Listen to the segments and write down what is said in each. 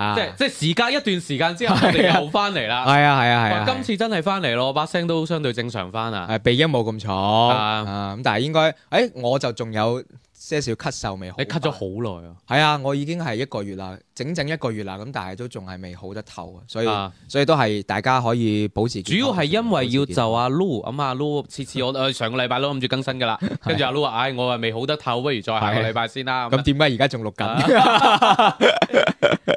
啊、即係即係時隔一段時間之後，我哋是、啊、又翻嚟啦。係啊係啊係啊！今次真係翻嚟咯，把聲都相對正常翻啦。鼻音冇咁重咁、啊啊、但係應該，誒、哎、我就仲有些少咳嗽未好。你咳咗好耐啊？係啊，我已經係一個月啦。整整一個月啦，咁但係都仲係未好得透，所以所以都係大家可以保持。主要係因為要就阿 Lu，咁阿 Lu 次次我上個禮拜都諗住更新噶啦，跟住阿 Lu 話，唉，我誒未好得透，不如再下個禮拜先啦。咁點解而家仲錄緊？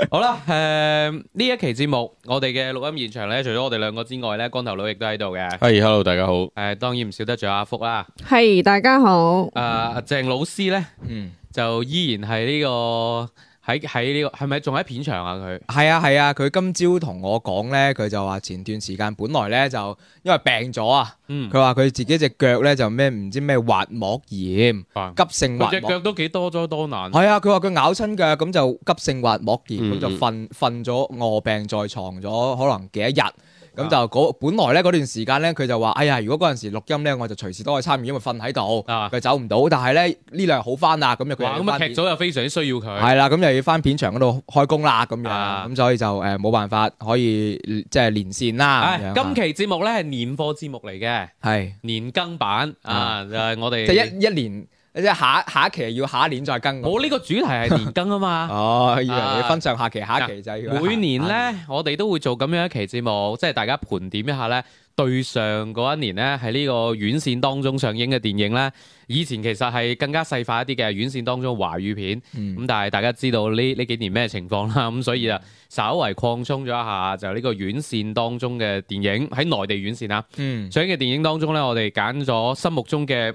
好啦，誒呢一期節目，我哋嘅錄音現場咧，除咗我哋兩個之外咧，光頭佬亦都喺度嘅。係，hello 大家好。誒當然唔少得住阿福啦。係，大家好。阿鄭老師咧，嗯，就依然係呢個。喺喺呢個係咪仲喺片場啊？佢係啊係啊！佢、啊、今朝同我講咧，佢就話前段時間本來咧就因為病咗啊，佢話佢自己隻腳咧就咩唔知咩滑膜炎，啊、急性滑膜。隻腳都幾多災多難。係啊，佢話佢咬親腳，咁就急性滑膜炎，咁、嗯嗯、就瞓瞓咗，臥、呃、病在床咗，可能幾一日。咁就嗰，本來咧嗰段時間呢，佢就話：哎呀，如果嗰陣時錄音呢，我就隨時都可以參與，因為瞓喺度，佢、啊、走唔到。但係咧呢兩日好返啦，咁又劇組又非常需要佢。係啦，咁又要返片場嗰度開工啦，咁、啊、樣，咁所以就誒冇、呃、辦法可以即係、就是、連線啦。啊、今期節目咧係年貨節目嚟嘅，係是年更版、嗯、啊，們就係我哋一年。下下一期要下一年再更，我呢、呢個主題係年更啊嘛。 哦，以為你分上下期、啊、下一期就係每年咧，期我哋都會做咁樣一期節目，即係大家盤點一下咧，對上嗰一年咧，喺呢個院線當中上映嘅電影咧，以前其實係更加細化一啲嘅院線當中華語片。咁、嗯、但係大家知道呢呢幾年咩情況啦，咁所以啊，稍微擴充咗一下就呢個院線當中嘅電影喺內地院線啦。嗯，上映嘅電影當中咧，我哋揀咗心目中嘅。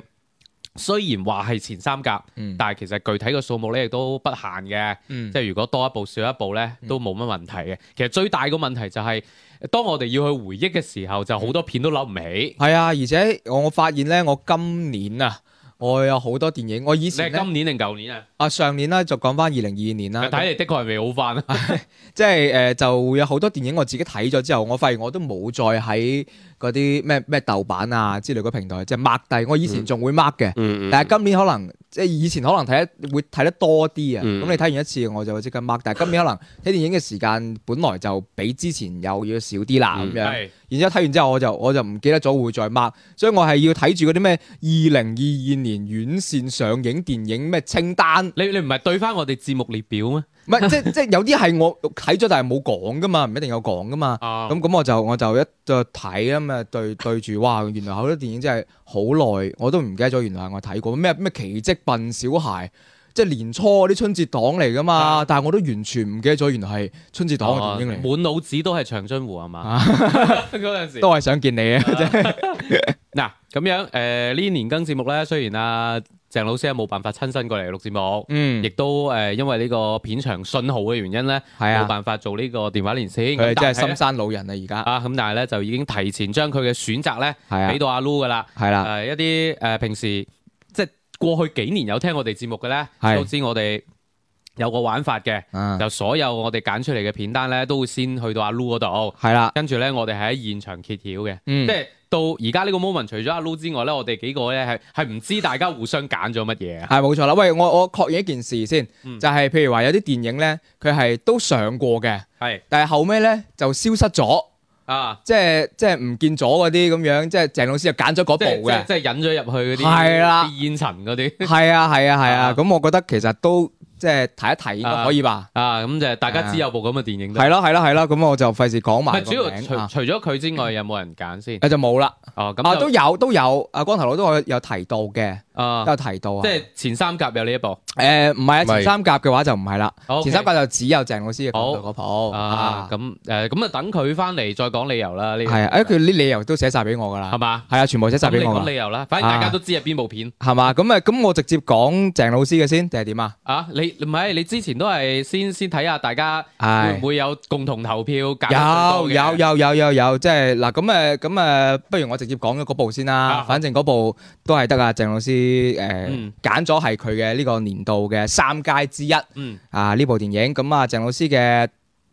雖然話係前三甲，嗯、但係其實具體嘅數目咧，亦都不限嘅。嗯、即係如果多一部少一部咧，都冇乜問題嘅。其實最大個問題就係、是，當我哋要去回憶嘅時候，嗯、就好多片都諗唔起。係啊，而且我發現咧，我今年啊，我有好多電影，我以前今年定舊年啊？啊，上年啦，年 就講翻二零二二年啦。睇嚟的確係未好翻啊。即係誒，就有好多電影我自己睇咗之後，我發現我都冇再喺。嗰啲咩咩豆瓣啊之類嘅平台，即係 mark 低我以前仲會 mark 嘅，嗯嗯、但係今年可能即係以前可能睇會睇得多啲啊。咁、嗯、你睇完一次我就即刻 mark，但係今年可能睇電影嘅時間本來就比之前又要少啲啦，咁、嗯、樣。然之後睇完之後我就我就唔記得咗會再 mark，所以我係要睇住嗰啲咩二零二二年院線上映電影咩清單。你你唔係對翻我哋節目列表咩？唔係 即係即係有啲係我睇咗，但係冇講噶嘛，唔一定有講噶嘛。咁咁、啊、我就我就一就睇咁啊，對對住哇，原來好多電影真係好耐，我都唔記得咗，原來係我睇過咩咩奇蹟笨小孩，即係年初嗰啲春節檔嚟噶嘛。的但係我都完全唔記得咗，原來係春節檔嘅電影嚟。哦 okay. 滿腦子都係長津湖係嘛？嗰陣時都係想見你啊！嗱咁 樣誒呢年更節目咧，雖然啊～鄭老師啊，冇辦法親身過嚟錄節目，嗯，亦都誒，因為呢個片場信號嘅原因咧，係啊，冇辦法做呢個電話連線。佢即係深山老人啊，而家啊，咁但係咧就已經提前將佢嘅選擇咧，係俾到阿 Lu 噶啦，係啦，誒一啲誒平時即係過去幾年有聽我哋節目嘅咧，都知我哋有個玩法嘅，就所有我哋揀出嚟嘅片單咧，都會先去到阿 Lu 嗰度，係啦，跟住咧我哋係喺現場揭曉嘅，即係。到而家呢個 moment 除咗阿 Loo 之外咧，我哋幾個咧係係唔知大家互相揀咗乜嘢啊？係冇 錯啦，喂，我我確認一件事先，嗯、就係譬如話有啲電影咧，佢係都上過嘅，係是，但係後尾咧就消失咗啊！即係即係唔見咗嗰啲咁樣，即係鄭老師就揀咗嗰部嘅，即係引咗入去嗰啲煙塵嗰啲，係啊係啊係啊，咁我覺得其實都。 即係提一提應該可以吧？啊，咁、啊、就大家知有部咁嘅電影。係啦、嗯，係啦、啊，係啦、啊，咁、啊啊啊、我就費事講埋個名字、啊除。除除咗佢之外，有冇人揀先？ 就冇啦。哦，咁啊都有都有，阿光頭佬都有，有提到嘅。啊，都有提到，啊，即係前三甲有呢一部。誒，唔係啊，前三甲嘅話就唔係啦。前三甲就只有鄭老師嘅嗰部啊。咁誒，咁啊等佢翻嚟再講理由啦。呢個啊，誒佢啲理由都寫晒俾我㗎啦，係嘛？係啊，全部寫晒俾我。你講理由啦，反正大家都知係邊部片，係嘛？咁啊，咁我直接講鄭老師嘅先定係點啊？啊，你唔係你之前都係先先睇下大家會唔會有共同投票有有有有有有，即係嗱咁啊咁啊，不如我直接講咗嗰部先啦。反正嗰部都係得啊，鄭老師。啲誒揀咗係佢嘅呢個年度嘅三佳之一，嗯啊，啊呢部電影咁啊，鄭老師嘅。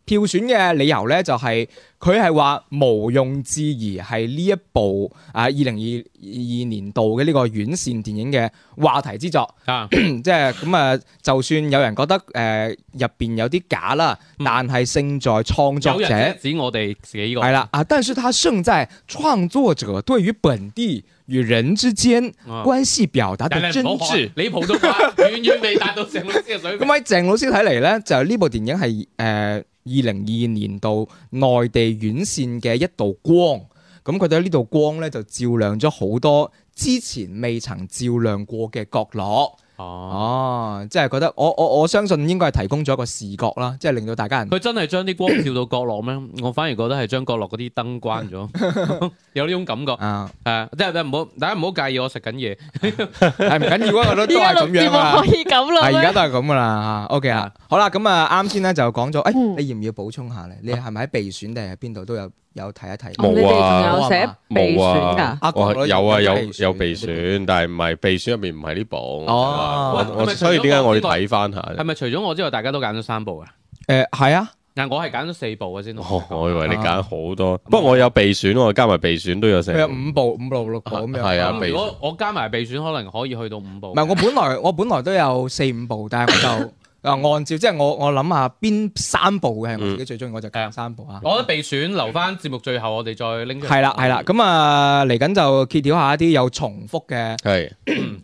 票選嘅理由咧，就係佢係話無庸置疑係呢一部啊二零二二年度嘅呢個院線電影嘅話題之作 Yeah.。啊， 即係咁啊，就算有人覺得誒入邊有啲假啦，但係勝在創作者，有人指我哋自己呢個係啦啊，但是他勝在創作者對於本地與人之間關係表達嘅真摯。Yeah. 你普通話 遠遠未達到鄭老師嘅水平。咁喺 鄭老師睇嚟咧，就呢部電影係誒。呃二零二二年度內地院線嘅一道光，咁覺得呢道光咧就照亮咗好多之前未曾照亮過嘅角落。哦，即係覺得我我我相信應該係提供咗一個視覺啦，即係令到大家人佢真係將啲光調到角落咩？ 我反而覺得係將角落嗰啲燈關咗， 有呢種感覺啊！係即係唔好大家唔好介意我食緊嘢，係唔緊要啊！我都我 都係咁樣啊！係而家都係咁噶啦吓，OK 啊！的好啦，咁啊啱先咧就講咗，誒、哎，你要唔要補充下咧？你係咪喺備選定係邊度都有？有睇一睇，冇啊，冇啊，我有啊，有有備選，但係唔係備選入面唔係呢部哦，所以點解我要睇翻下？係咪除咗我之外，大家都揀咗三部啊？誒係啊，嗱我係揀咗四部啊先，我以為你揀好多，不過我有備選，我加埋備選都有四，有五部、五部六部咁樣，係啊，如果我加埋備選，可能可以去到五部。唔係我本來我本來都有四五部，但係我就。啊，按照即係我我諗下邊三部嘅係我自己最中意，我就加入三部啊。我覺得備選留翻節目最後，我哋再拎出。係啦係啦，咁啊嚟緊就揭曉下一啲有重複嘅。係，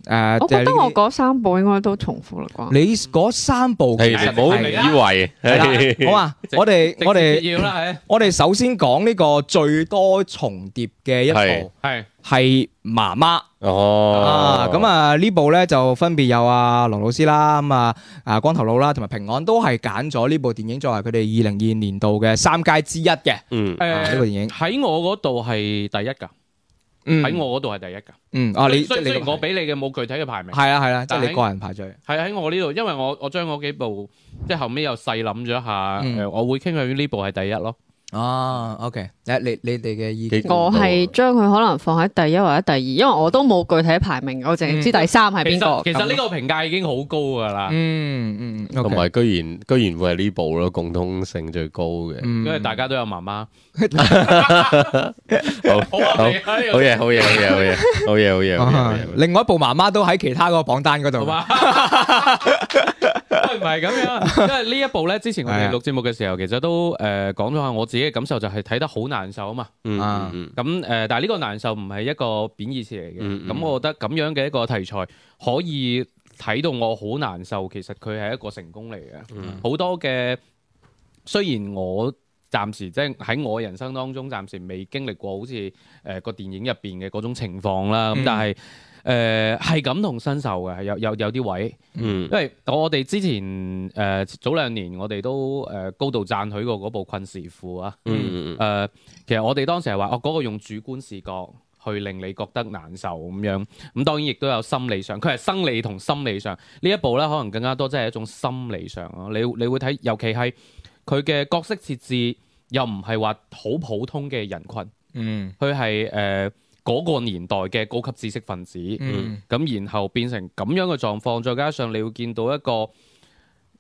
誒，我覺得我嗰三部應該都重複啦啩。你嗰三部其實冇，以為係啦。好啊，我哋我哋要啦，係。我哋首先講呢個最多重疊嘅一部。係。係媽媽哦，咁啊，部呢部咧，就分別有阿、啊、龍老師啦，咁啊啊光頭佬啦同埋平安都係揀咗呢部電影作為佢哋二零二二年度嘅三佳之一嘅。嗯呢、啊、部電影喺、呃、我嗰度係第一噶，喺我嗰度係第一噶嗯啊雖你所雖你我俾你嘅冇具體嘅排名係、嗯嗯、但啊係啊即係你個人排序係喺我呢度，因為我我將幾部即係後尾又細諗咗下、呃、我會傾向於呢部係第一咯。哦，OK，你你你哋嘅意見，我係將佢可能放喺第一或者第二，因為我都冇具體排名，我淨係知第三係邊個？其實呢個評價已經好高噶啦。嗯嗯，同埋居然居然會係呢部咯，共通性最高嘅，因為大家都有媽媽。好啊，好嘢，好嘢，好嘢，好嘢，好嘢，好嘢。另外一部媽媽都喺其他嗰個榜單嗰度。唔係咁樣，因為呢一部呢，之前我哋錄節目嘅時候，其實都誒講咗下我自己嘅感受，就係睇得好難受啊嘛。嗯咁誒，但係呢個難受唔係一個貶義詞嚟嘅。咁我覺得咁樣嘅一個題材，可以睇到我好難受，其實佢係一個成功嚟嘅。好多嘅，雖然我暫時即係喺我人生當中暫時未經歷過好似誒個電影入邊嘅嗰種情況啦，咁但係。誒係感同身受嘅，有有有啲位，嗯、因為我哋之前誒、呃、早兩年我哋都誒、呃、高度讚許過嗰部困時庫啊，誒、嗯呃、其實我哋當時係話，我、呃、嗰、那個用主觀視覺去令你覺得難受咁樣，咁當然亦都有心理上，佢係生理同心理上呢一部咧，可能更加多即係一種心理上咯。你你會睇，尤其係佢嘅角色設置又唔係話好普通嘅人群，佢係誒。嗰個年代嘅高級知識分子，咁、嗯、然後變成咁樣嘅狀況，再加上你會見到一個誒、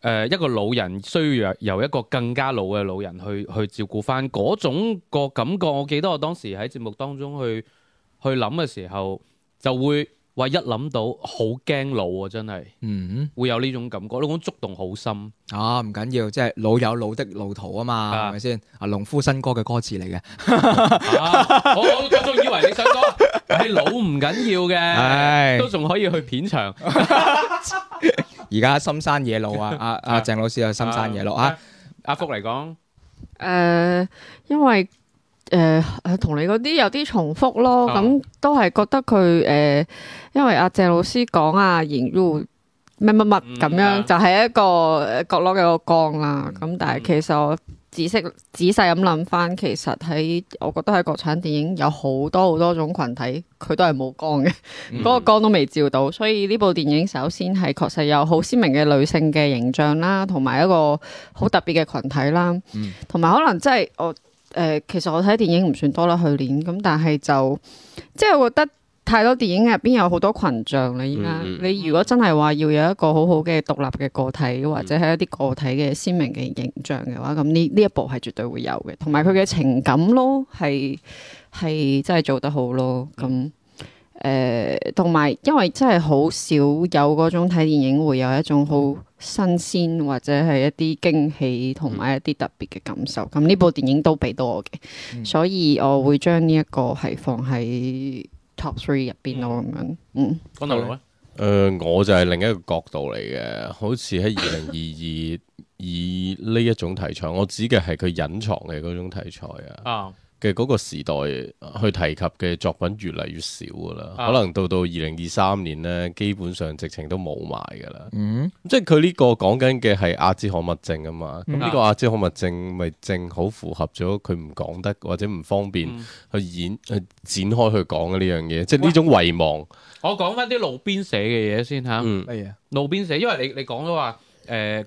呃、一個老人需要由一個更加老嘅老人去去照顧翻，嗰種個感覺，我記得我當時喺節目當中去去諗嘅時候就會。話一諗到好驚老啊，真係，mm hmm. 會有呢種感覺。呢種觸動好深啊，唔緊要，即係老有老的路途啊嘛，係咪先？啊，農夫新歌嘅歌詞嚟嘅，我我仲以為你想講，你 老唔緊要嘅，都仲是可以去片場。而 家 深山野路啊，阿阿鄭老師又深山野路啊，阿福嚟講，誒，因為。誒，同、呃、你嗰啲有啲重複咯，咁、oh. 都係覺得佢誒、呃，因為阿謝老師講啊，然如乜乜乜咁樣，mm hmm. 就係一個角落嘅一個光啦。咁但係其實我仔細、mm hmm. 仔細咁諗翻，其實喺我覺得喺國產電影有好多好多種群體，佢都係冇光嘅，嗰 個光都未照到。所以呢部電影首先係確實有好鮮明嘅女性嘅形象啦，同埋一個好特別嘅群體啦，同埋、mm hmm. 可能真係我。呃呃誒、呃，其實我睇電影唔算多啦，去年咁，但係就即係我覺得太多電影入邊有好多群像啦。而家你如果真係話要有一個好好嘅獨立嘅個體，或者係一啲個體嘅鮮明嘅形象嘅話，咁呢呢一部係絕對會有嘅。同埋佢嘅情感咯，係係真係做得好咯。咁誒、同、呃、埋因為真係好少有嗰種睇電影會有一種好。新鮮或者係一啲驚喜同埋一啲特別嘅感受，咁呢、嗯、部電影都俾到我嘅，嗯、所以我會將呢一個係放喺 top three 入邊咯咁樣。嗯，講下你咧？誒，我就係另一個角度嚟嘅，好似喺二零二二以呢一種題材，我指嘅係佢隱藏嘅嗰種題材啊，嘅嗰個時代去提及嘅作品越嚟越少噶啦，啊、可能到到二零二三年咧，基本上直情都冇埋噶啦。嗯，即係佢呢個講緊嘅係亞茲海默症啊嘛，咁呢、嗯、個亞茲海默症咪正好符合咗佢唔講得或者唔方便去演、嗯、去展開去講嘅呢樣嘢，哇即係呢種遺忘。我講翻啲路邊寫嘅嘢先嚇，嗯、麼路邊寫，因為你你講咗話。誒，嗰、呃、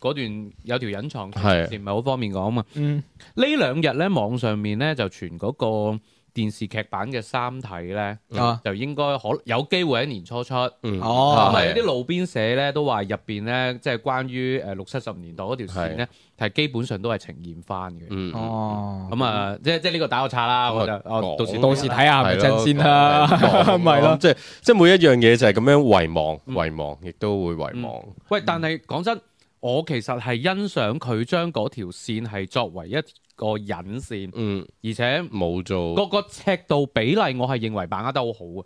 嗰段有條隱藏，暫時唔係好方便講啊嘛。嗯，呢兩日咧，網上面咧就傳嗰個，電視劇版嘅三體咧，就應該可有機會喺年初出。哦，係啲路邊社咧都話入邊咧，即係關於誒六七十年代嗰條線咧，係基本上都係呈現翻嘅。哦，咁啊，即係即係呢個打個叉啦，我就到時到時睇下咪真先啦。係咪咯？即係即係每一樣嘢就係咁樣遺忘，遺忘，亦都會遺忘。喂，但係講真。我其實係欣賞佢將嗰條線係作為一個隱線，嗯，而且冇做個個尺度比例，我係認為把握得好好啊。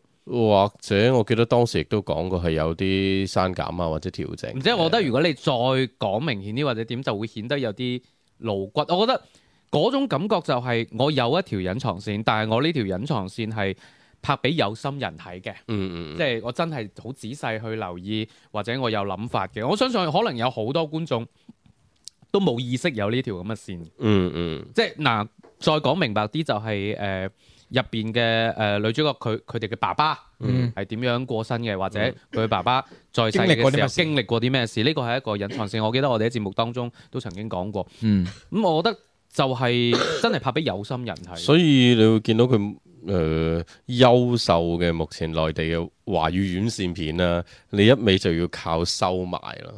或者我記得當時亦都講過係有啲刪減啊，或者調整。唔知我覺得如果你再講明顯啲或者點，就會顯得有啲露骨。我覺得嗰種感覺就係我有一條隱藏線，但係我呢條隱藏線係拍俾有心人睇嘅，嗯嗯，即係我真係好仔細去留意，或者我有諗法嘅。我相信可能有好多觀眾都冇意識有呢條咁嘅線。嗯嗯，即係嗱，再講明白啲就係、是、誒，入邊嘅誒女主角佢佢哋嘅爸爸，嗯，係點樣過身嘅，或者佢爸爸在世嘅時候、嗯、經歷過啲咩事？呢個係一個隱藏性。我記得我哋喺節目當中都曾經講過。嗯，咁、嗯、我覺得就係、是、 真係拍俾有心人睇。所以你會見到佢。誒、呃、優秀嘅目前內地嘅華語院線片啦，你一味就要靠收埋啦，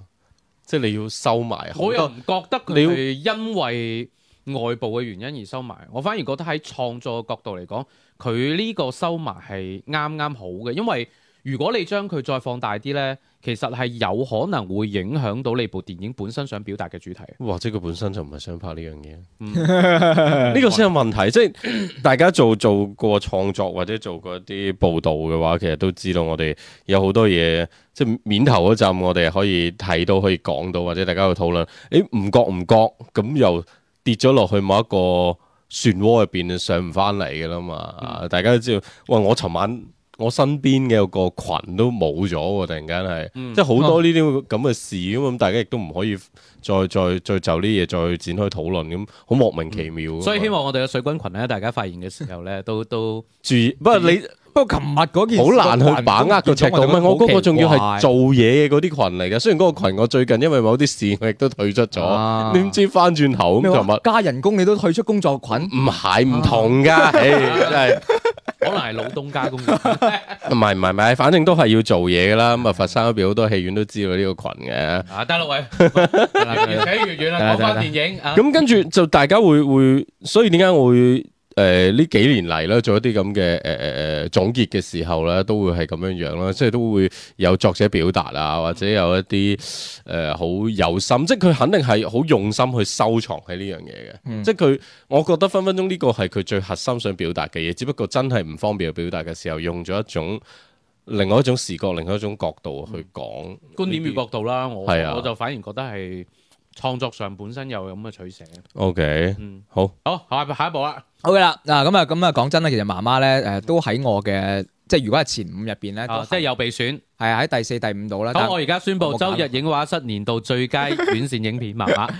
即係你要收埋。我又唔覺得你係因為外部嘅原因而收埋，要我反而覺得喺創作嘅角度嚟講，佢呢個收埋係啱啱好嘅，因為。如果你將佢再放大啲呢，其實係有可能會影響到你部電影本身想表達嘅主題。或者佢本身就唔係想拍呢樣嘢，呢個先係問題。即係大家做做過創作或者做過一啲報道嘅話，其實都知道我哋有好多嘢，即係面頭嗰陣我哋可以睇到，可以講到，或者大家去討論。誒，唔覺唔覺咁又跌咗落去某一個漩渦入邊，上唔翻嚟㗎啦嘛。嗯、大家都知道，哇！我尋晚。我身邊嘅個群都冇咗喎，突然間係，即係好多呢啲咁嘅事咁，大家亦都唔可以再再再就呢嘢再展開討論咁，好莫名其妙。所以希望我哋嘅水軍群咧，大家發現嘅時候咧，都都注意。不過你不過琴日嗰件好難去把握個尺度。我嗰個仲要係做嘢嘅嗰啲群嚟嘅，雖然嗰個群我最近因為某啲事，我亦都退出咗。點知翻轉頭加人工，你都退出工作群？唔係唔同㗎，真可能係老東家工作， 唔係唔係唔係，反正都係要做嘢噶啦。咁啊，佛山嗰邊好多戲院都知道呢個群嘅。 啊，得啦，喂 越，越寫 越遠啦，講翻 電影。咁跟住就大家會會，所以點解會？誒呢、呃、幾年嚟咧，做一啲咁嘅誒誒誒總結嘅時候咧，都會係咁樣樣啦，即係都會有作者表達啊，或者有一啲誒好有心，即係佢肯定係好用心去收藏喺呢樣嘢嘅。嗯、即係佢，我覺得分分鐘呢個係佢最核心想表達嘅嘢，只不過真係唔方便去表達嘅時候，用咗一種另外一種視覺、另外一種角度去講、嗯、觀點與角度啦。佢係啊我我就反而覺得係係啊。創作上本身有咁嘅取捨。O Okay , K，嗯，好，好，下下一部啦。OK 啦，嗱咁啊，咁啊，講真咧，其實媽媽咧，誒、呃，都喺我嘅，即係如果係前五入邊咧，即係有備選，係啊，喺第四、第五度啦。咁我而家宣布要要周日映畫室年度最佳院線影片《媽媽》。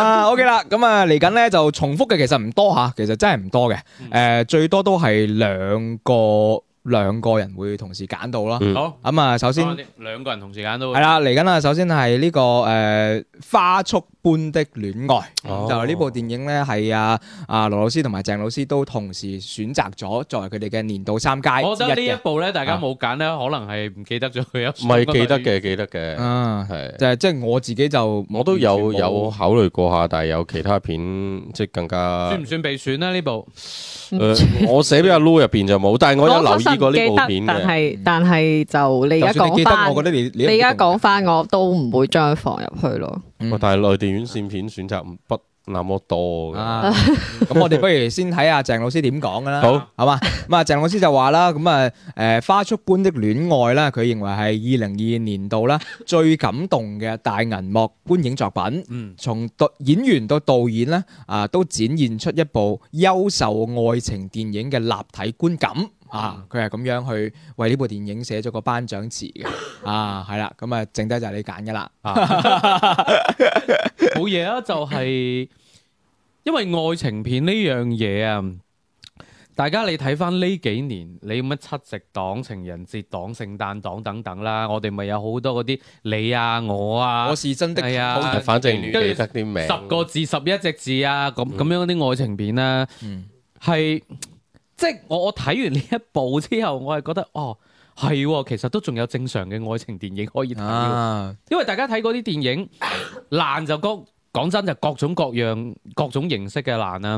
啊，O K 啦，咁啊，嚟緊咧就重複嘅其實唔多吓、啊，其實真係唔多嘅，誒、啊啊，最多都係兩個。 兩個人會同時揀到咯。好，咁啊，首先兩個人同時揀到。係啦，嚟緊啦，首先係呢、呢個誒、呃、花束。般的戀愛、嗯、就係呢部電影咧，係阿阿羅老師同埋鄭老師都同時選擇咗作為佢哋嘅年度三佳。我覺得呢一部咧，大家冇揀啦，啊、可能係唔記得咗佢一唔係記得嘅，記得嘅，嗯係、啊、是就係即係我自己就我都有有考慮過下，但係有其他片即係、就是、更加算唔算被選咧、啊？呢部， 呃、我寫俾阿 low 入邊就冇，但係我有留意過呢部片 但係但係就你而家講翻，我覺得你你而家講翻我都唔會將佢放入去咯。嗯、但係內地院線片選擇不那麼多嘅，咁、啊、我哋不如先睇下鄭老師點講嘅啦。好，好嘛。咁、嗯、啊，鄭老師就話啦，咁啊，誒《花束般的戀愛》咧，佢認為係二零二二年度咧最感動嘅大銀幕觀影作品。嗯，從演員到導演咧，啊，都展現出一部優秀愛情電影嘅立體觀感。啊！佢係咁樣去為呢部電影寫咗個頒獎詞嘅啊，係啦，咁啊，剩低就係你揀噶啦，冇嘢啊，就係、是、因為愛情片呢樣嘢啊，大家你睇返呢幾年，你乜七夕檔、情人節檔、聖誕檔等等啦，我哋咪有好多嗰啲你啊我啊，我是真的係啊，反正唔記得啲名，十個字十一隻字啊，咁咁、嗯、樣啲愛情片咧、啊，係、嗯。即係我我睇完呢一部之後，我係覺得哦係其實都仲有正常嘅愛情電影可以睇，因為大家睇嗰啲電影爛就講講真就各種各樣各種形式嘅爛啦。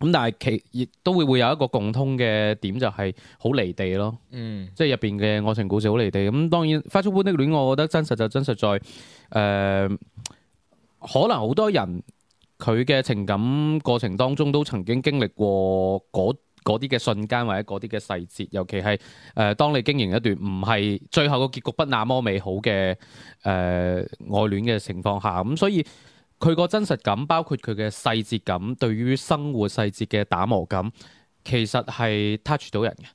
咁但係其亦都會會有一個共通嘅點就係好離地咯，嗯，即係入邊嘅愛情故事好離地咁。當然《花束般的戀愛》我覺得真實就真實在誒，可能好多人佢嘅情感過程當中都曾經經歷過嗰嗰啲嘅瞬間或者嗰啲嘅細節，尤其係誒、呃，當你經營一段唔係最後個結局不那麼美好嘅誒、呃、愛戀嘅情況下，咁、嗯、所以佢個真實感，包括佢嘅細節感，對於生活細節嘅打磨感，其實係 touch 到人嘅。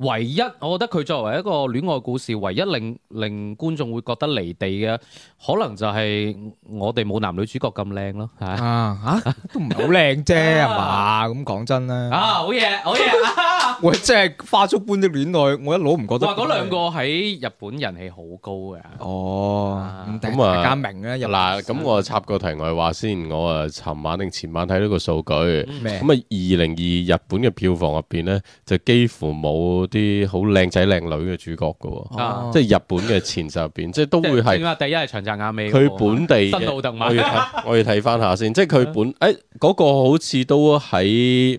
唯一，我覺得佢作為一個戀愛故事，唯一令令觀眾會覺得離地嘅，可能就係我哋冇男女主角咁靚咯，嚇啊嚇都唔係好靚啫，係嘛？咁講真咧，啊，好嘢好嘢。 喂，即係花束般的戀愛，我一攞唔覺得。嗰兩個喺日本人氣好高嘅。哦，咁啊，大家明咧。嗱，咁我插個題外話先。我啊，尋晚定前晚睇到個數據，咁啊，二零二日本嘅票房入邊咧，就幾乎冇啲好靚仔靚女嘅主角噶。啊，即係日本嘅前十入邊，即係都會係。第一係長澤雅美。佢本地。新奧特曼。我要睇，我要睇翻下先，即係佢本誒嗰個好似都喺。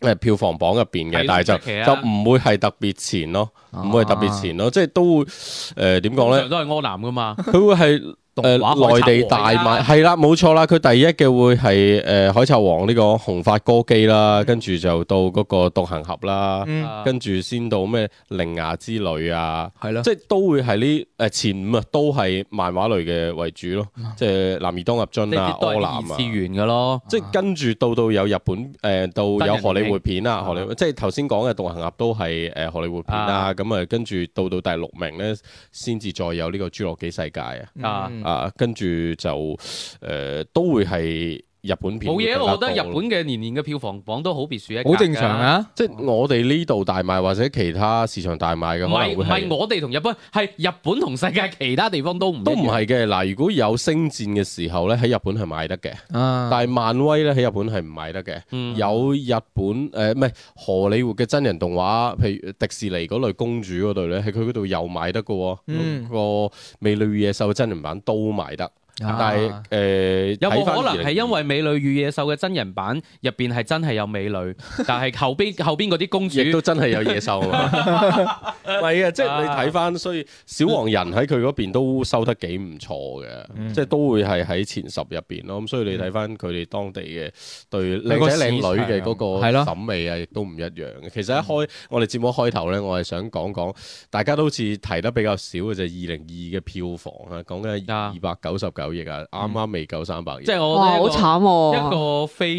誒，票房榜入邊嘅，的但係就奇奇、啊、就唔會係特別前咯，唔、啊、會係特別前咯，即、就、係、是、都會誒，點講咧？呢都係柯南噶嘛，佢會係。誒，內地大賣係啦，冇錯啦。佢第一嘅會係誒《海賊王》呢個紅髮歌姬啦，跟住就到嗰個《獨行俠》啦，跟住先到咩《鈴芽之旅》啊，係咯，即係都會係呢誒前五啊都係漫畫類嘅為主咯，即係《男兒當入樽》啊，《柯南》啊，都係二次元嘅咯。即係跟住到到有日本誒，到有荷里活片啊，荷里即係頭先講嘅《獨行俠》都係誒荷里活片啊。咁啊，跟住到到第六名咧，先至再有呢個《侏羅紀世界》啊。啊，跟住就，誒、呃、都會係。日本片冇嘢，我覺得日本嘅年年嘅票房榜都好別樹一格，好正常啊！即係我哋呢度大賣，或者其他市場大賣嘅，唔係我哋同日本係日本同世界其他地方都唔都唔係嘅。嗱，如果有星戰嘅時候咧，喺日本係賣得嘅。啊！但係漫威咧喺日本係唔賣得嘅。有日本，誒，唔係荷里活嘅真人動畫，譬如迪士尼嗰類公主嗰類咧，喺佢嗰度又賣得嘅。嗯，個美女與野獸真人版都賣得。但係，誒、呃、有冇可能係因為《美女與野獸》嘅真人版入邊係真係有美女，但係後邊 後邊嗰啲公主亦都 真係有野獸嘛 的啊！唔係啊，即係你睇翻，所以小黃人喺佢嗰邊都收得幾唔錯嘅，嗯、即係都會係喺前十入邊咯。咁所以你睇翻佢哋當地嘅對靚仔靚、嗯、女嘅嗰個審美啊，亦都唔一樣嘅。嗯、其實一開我哋節目一開頭咧，我係想講講，大家都好似提得比較少嘅就係二零二二嘅票房啊，講緊二百九十九。九億、 就是、啊，啱啱未夠三百億。即係我，哇，好慘喎！一個非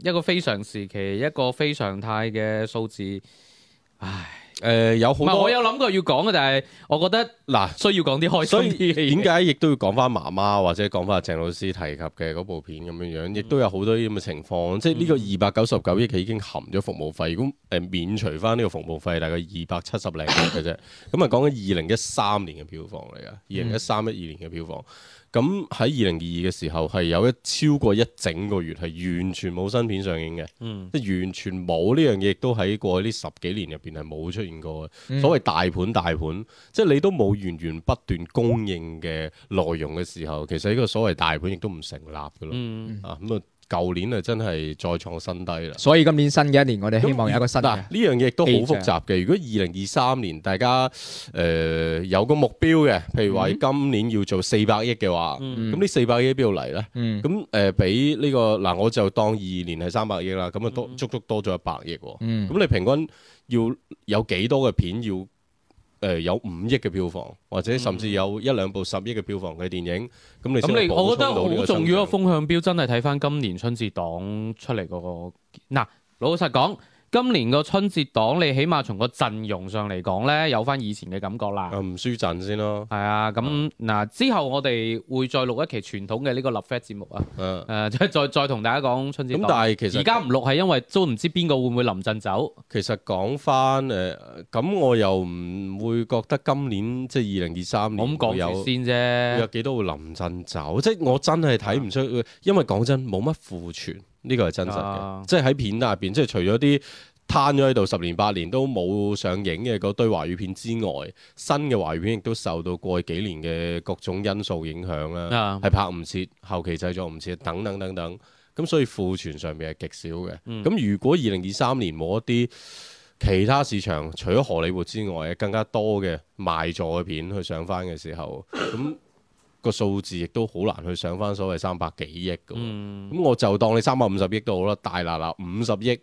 一個非常時期，一個非常態嘅數字，唉。誒、呃，有好多我有諗過要講嘅，但係我覺得嗱，需要講啲開心啲。點解亦都要講翻媽媽，或者講翻鄭老師提及嘅嗰部片咁樣樣，亦都有好多啲咁嘅情況。嗯、即係呢個二百九十九億嘅已經含咗服務費，咁誒、嗯呃、免除翻呢個服務費，大概二百七十零億嘅啫。咁啊，講緊二零一三年嘅票房嚟噶，二零一三一二年嘅票房。咁喺二零二二嘅時候係有一超過一整個月係完全冇新片上映嘅，嗯、即完全冇呢樣嘢，亦都喺過去呢十幾年入邊係冇出現過嘅。嗯、所謂大盤大盤，即係你都冇源源不斷供應嘅內容嘅時候，其實呢個所謂大盤亦都唔成立㗎咯。啊咁、嗯、啊！嗯舊年啊，真係再創新低啦！所以今年新嘅一年，我哋希望有一個新嗱，呢樣嘢都好複雜嘅。如果二零二三年大家誒、呃、有個目標嘅，譬如話今年要做四百億嘅話，咁呢四百億喺邊度嚟呢？咁誒俾呢個嗱、呃，我就當二年係三百億啦，咁啊多、嗯、足足多咗一百億喎。咁、嗯、你平均要有幾多嘅片要？誒、呃、有五億嘅票房，或者甚至有一兩部十億嘅票房嘅電影，咁、嗯、你咁你，我覺得好重要嘅風向標，真係睇翻今年春節檔出嚟嗰、那個。嗱，老實講。今年個春節檔，你起碼從個陣容上嚟講咧，有翻以前嘅感覺啦。啊，唔輸陣先咯。係啊，咁嗱、嗯啊，之後我哋會再錄一期傳統嘅呢、這個 live chat 節目、嗯、啊。嗯。誒，再再同大家講春節。咁但係其實而家唔錄係因為都唔知邊個會唔會臨陣走。其實講翻誒，咁、呃、我又唔會覺得今年即係二零二三年會有啫。嗯、有幾多會臨陣走，即係我真係睇唔出，嗯、因為講真冇乜庫存。呢個係真實嘅、啊，即係喺片入邊，即係除咗啲攤咗喺度十年八年都冇上映嘅嗰堆華語片之外，新嘅華語片亦都受到過去幾年嘅各種因素影響啦，係、啊、拍唔切、後期製作唔切等等等等，咁所以庫存上面係極少嘅。咁、嗯、如果二零二三年冇一啲其他市場除咗荷里活之外更加多嘅賣座嘅片去上返嘅時候，咁。 個數字亦都好難去上翻所謂三百幾億嘅，咁、嗯、我就當你三百五十億都好啦，大啦啦五十億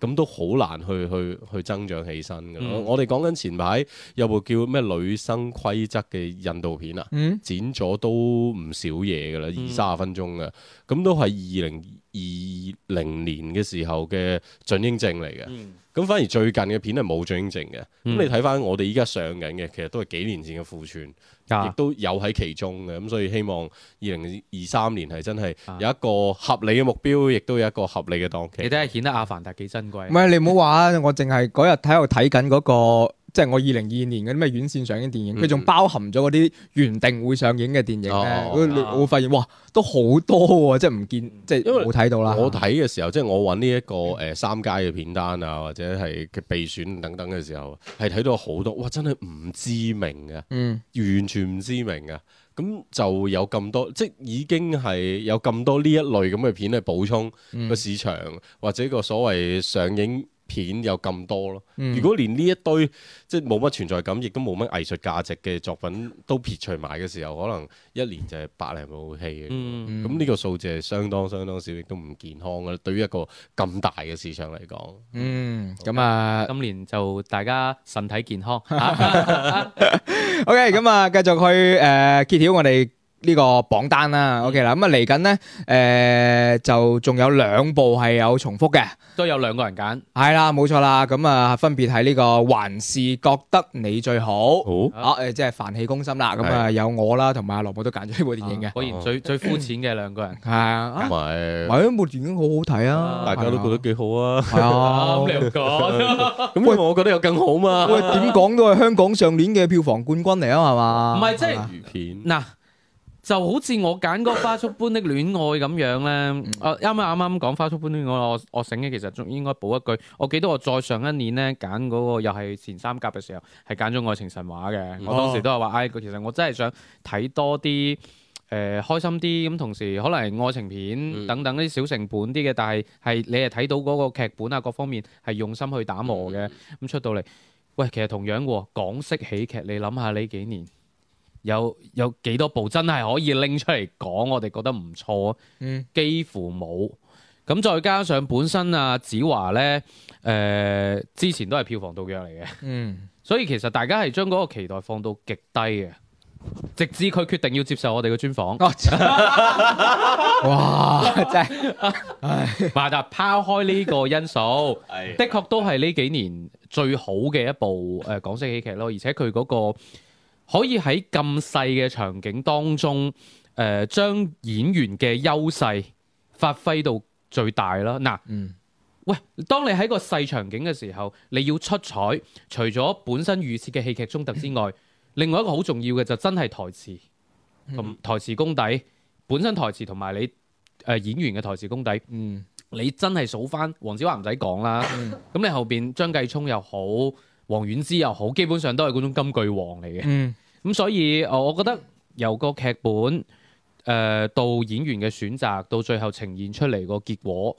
咁都好難去去去增長起身嘅。嗯、我哋講緊前排有部叫咩《女生規則》嘅印度片啊，嗯、剪咗都唔少嘢噶啦，二卅分鐘二三十分鐘嘅，咁、嗯、都係二零二零年嘅時候嘅准英證嚟嘅。咁、嗯、反而最近嘅片係冇准英證嘅。咁、嗯、你睇翻我哋依家上緊嘅，其實都係幾年前嘅庫存。亦、啊、都有喺其中嘅，咁所以希望二零二三年係真係有一個合理嘅目標，亦都、啊、有一個合理嘅檔期。你睇下顯得阿凡達幾珍貴。唔係你唔好話啊，我淨係嗰日喺度睇緊嗰個。即係我二零二二年嗰啲咩院線上映電影，佢仲、嗯、包含咗嗰啲原定會上映嘅電影你會、哦、發現、啊、哇，都好多喎、啊！即係唔見，即係因為冇睇到啦。我睇嘅時候，嗯、即係我揾呢一個誒、呃、三佳嘅片單啊，或者係佢備選等等嘅時候，係睇到好多哇！真係唔知名嘅，嗯、完全唔知名嘅。咁就有咁多，即已經係有咁多呢一類咁嘅片去補充個市場，或者個所謂上映片有咁多咯，如果連呢一堆即係冇乜存在感，亦都冇乜藝術價值嘅作品都撇除埋嘅時候，可能一年就係百零部戲嘅，咁呢、嗯嗯、個數字係相當相當少，亦都唔健康嘅。對於一個咁大嘅市場嚟講，嗯，咁好啊，今年就大家身體健康。OK，咁啊，繼續去誒、uh, 揭曉我哋。呢個榜單啦，OK 啦，咁啊嚟緊咧，誒就仲有兩部係有重複嘅，都有兩個人揀，係啦，冇錯啦，咁啊分別係呢個還是覺得你最好，哦，啊即係飯氣攻心啦，咁啊有我啦，同埋阿羅寶都揀咗呢部電影嘅，果然最最膚淺嘅兩個人，係啊，唔係，咪一部電影好好睇啊，大家都覺得幾好啊，啊兩個，咁我覺得有更好嘛，喂點講都係香港上年嘅票房冠軍嚟啊嘛，唔係即係嗱。就好似我揀個花束般的戀愛咁樣呢。誒啱啱講花束般的戀愛，我我醒起其實仲應該補一句，我記得我再上一年呢，揀嗰、那個又係前三甲嘅時候，係揀咗愛情神話嘅，啊、我當時都係話唉，其實我真係想睇多啲誒、呃、開心啲，咁同時可能愛情片等等啲、嗯、小成本啲嘅，但係係你係睇到嗰個劇本啊各方面係用心去打磨嘅，咁、嗯嗯、出到嚟，喂，其實同樣喎，港式喜劇你諗下呢幾年。有有幾多部真係可以拎出嚟講？我哋覺得唔錯啊！嗯、幾乎冇咁，再加上本身啊子華呢誒、呃、之前都係票房毒藥嚟嘅，嗯、所以其實大家係將嗰個期待放到極低嘅，直至佢決定要接受我哋嘅專訪。 哇！ 真係，咪就拋開呢個因素，唉的確都係呢幾年最好嘅一部誒港式喜劇咯，而且佢嗰、嗰個。可以喺咁細嘅場景當中，誒、呃、將演員嘅優勢發揮到最大啦！嗱，嗯、喂，當你喺個細場景嘅時候，你要出彩，除咗本身預設嘅戲劇衝突之外，嗯、另外一個好重要嘅就真係台詞同、嗯、台詞功底，本身台詞同埋你誒、呃、演員嘅台詞功底，嗯、你真係數翻黃子華唔使講啦，咁、嗯、你後邊張繼聰又好。黃菀之又好，基本上都係嗰種金句王嚟嘅，咁、嗯嗯、所以我我覺得由個劇本誒、呃、到演員嘅選擇，到最後呈現出嚟個結果，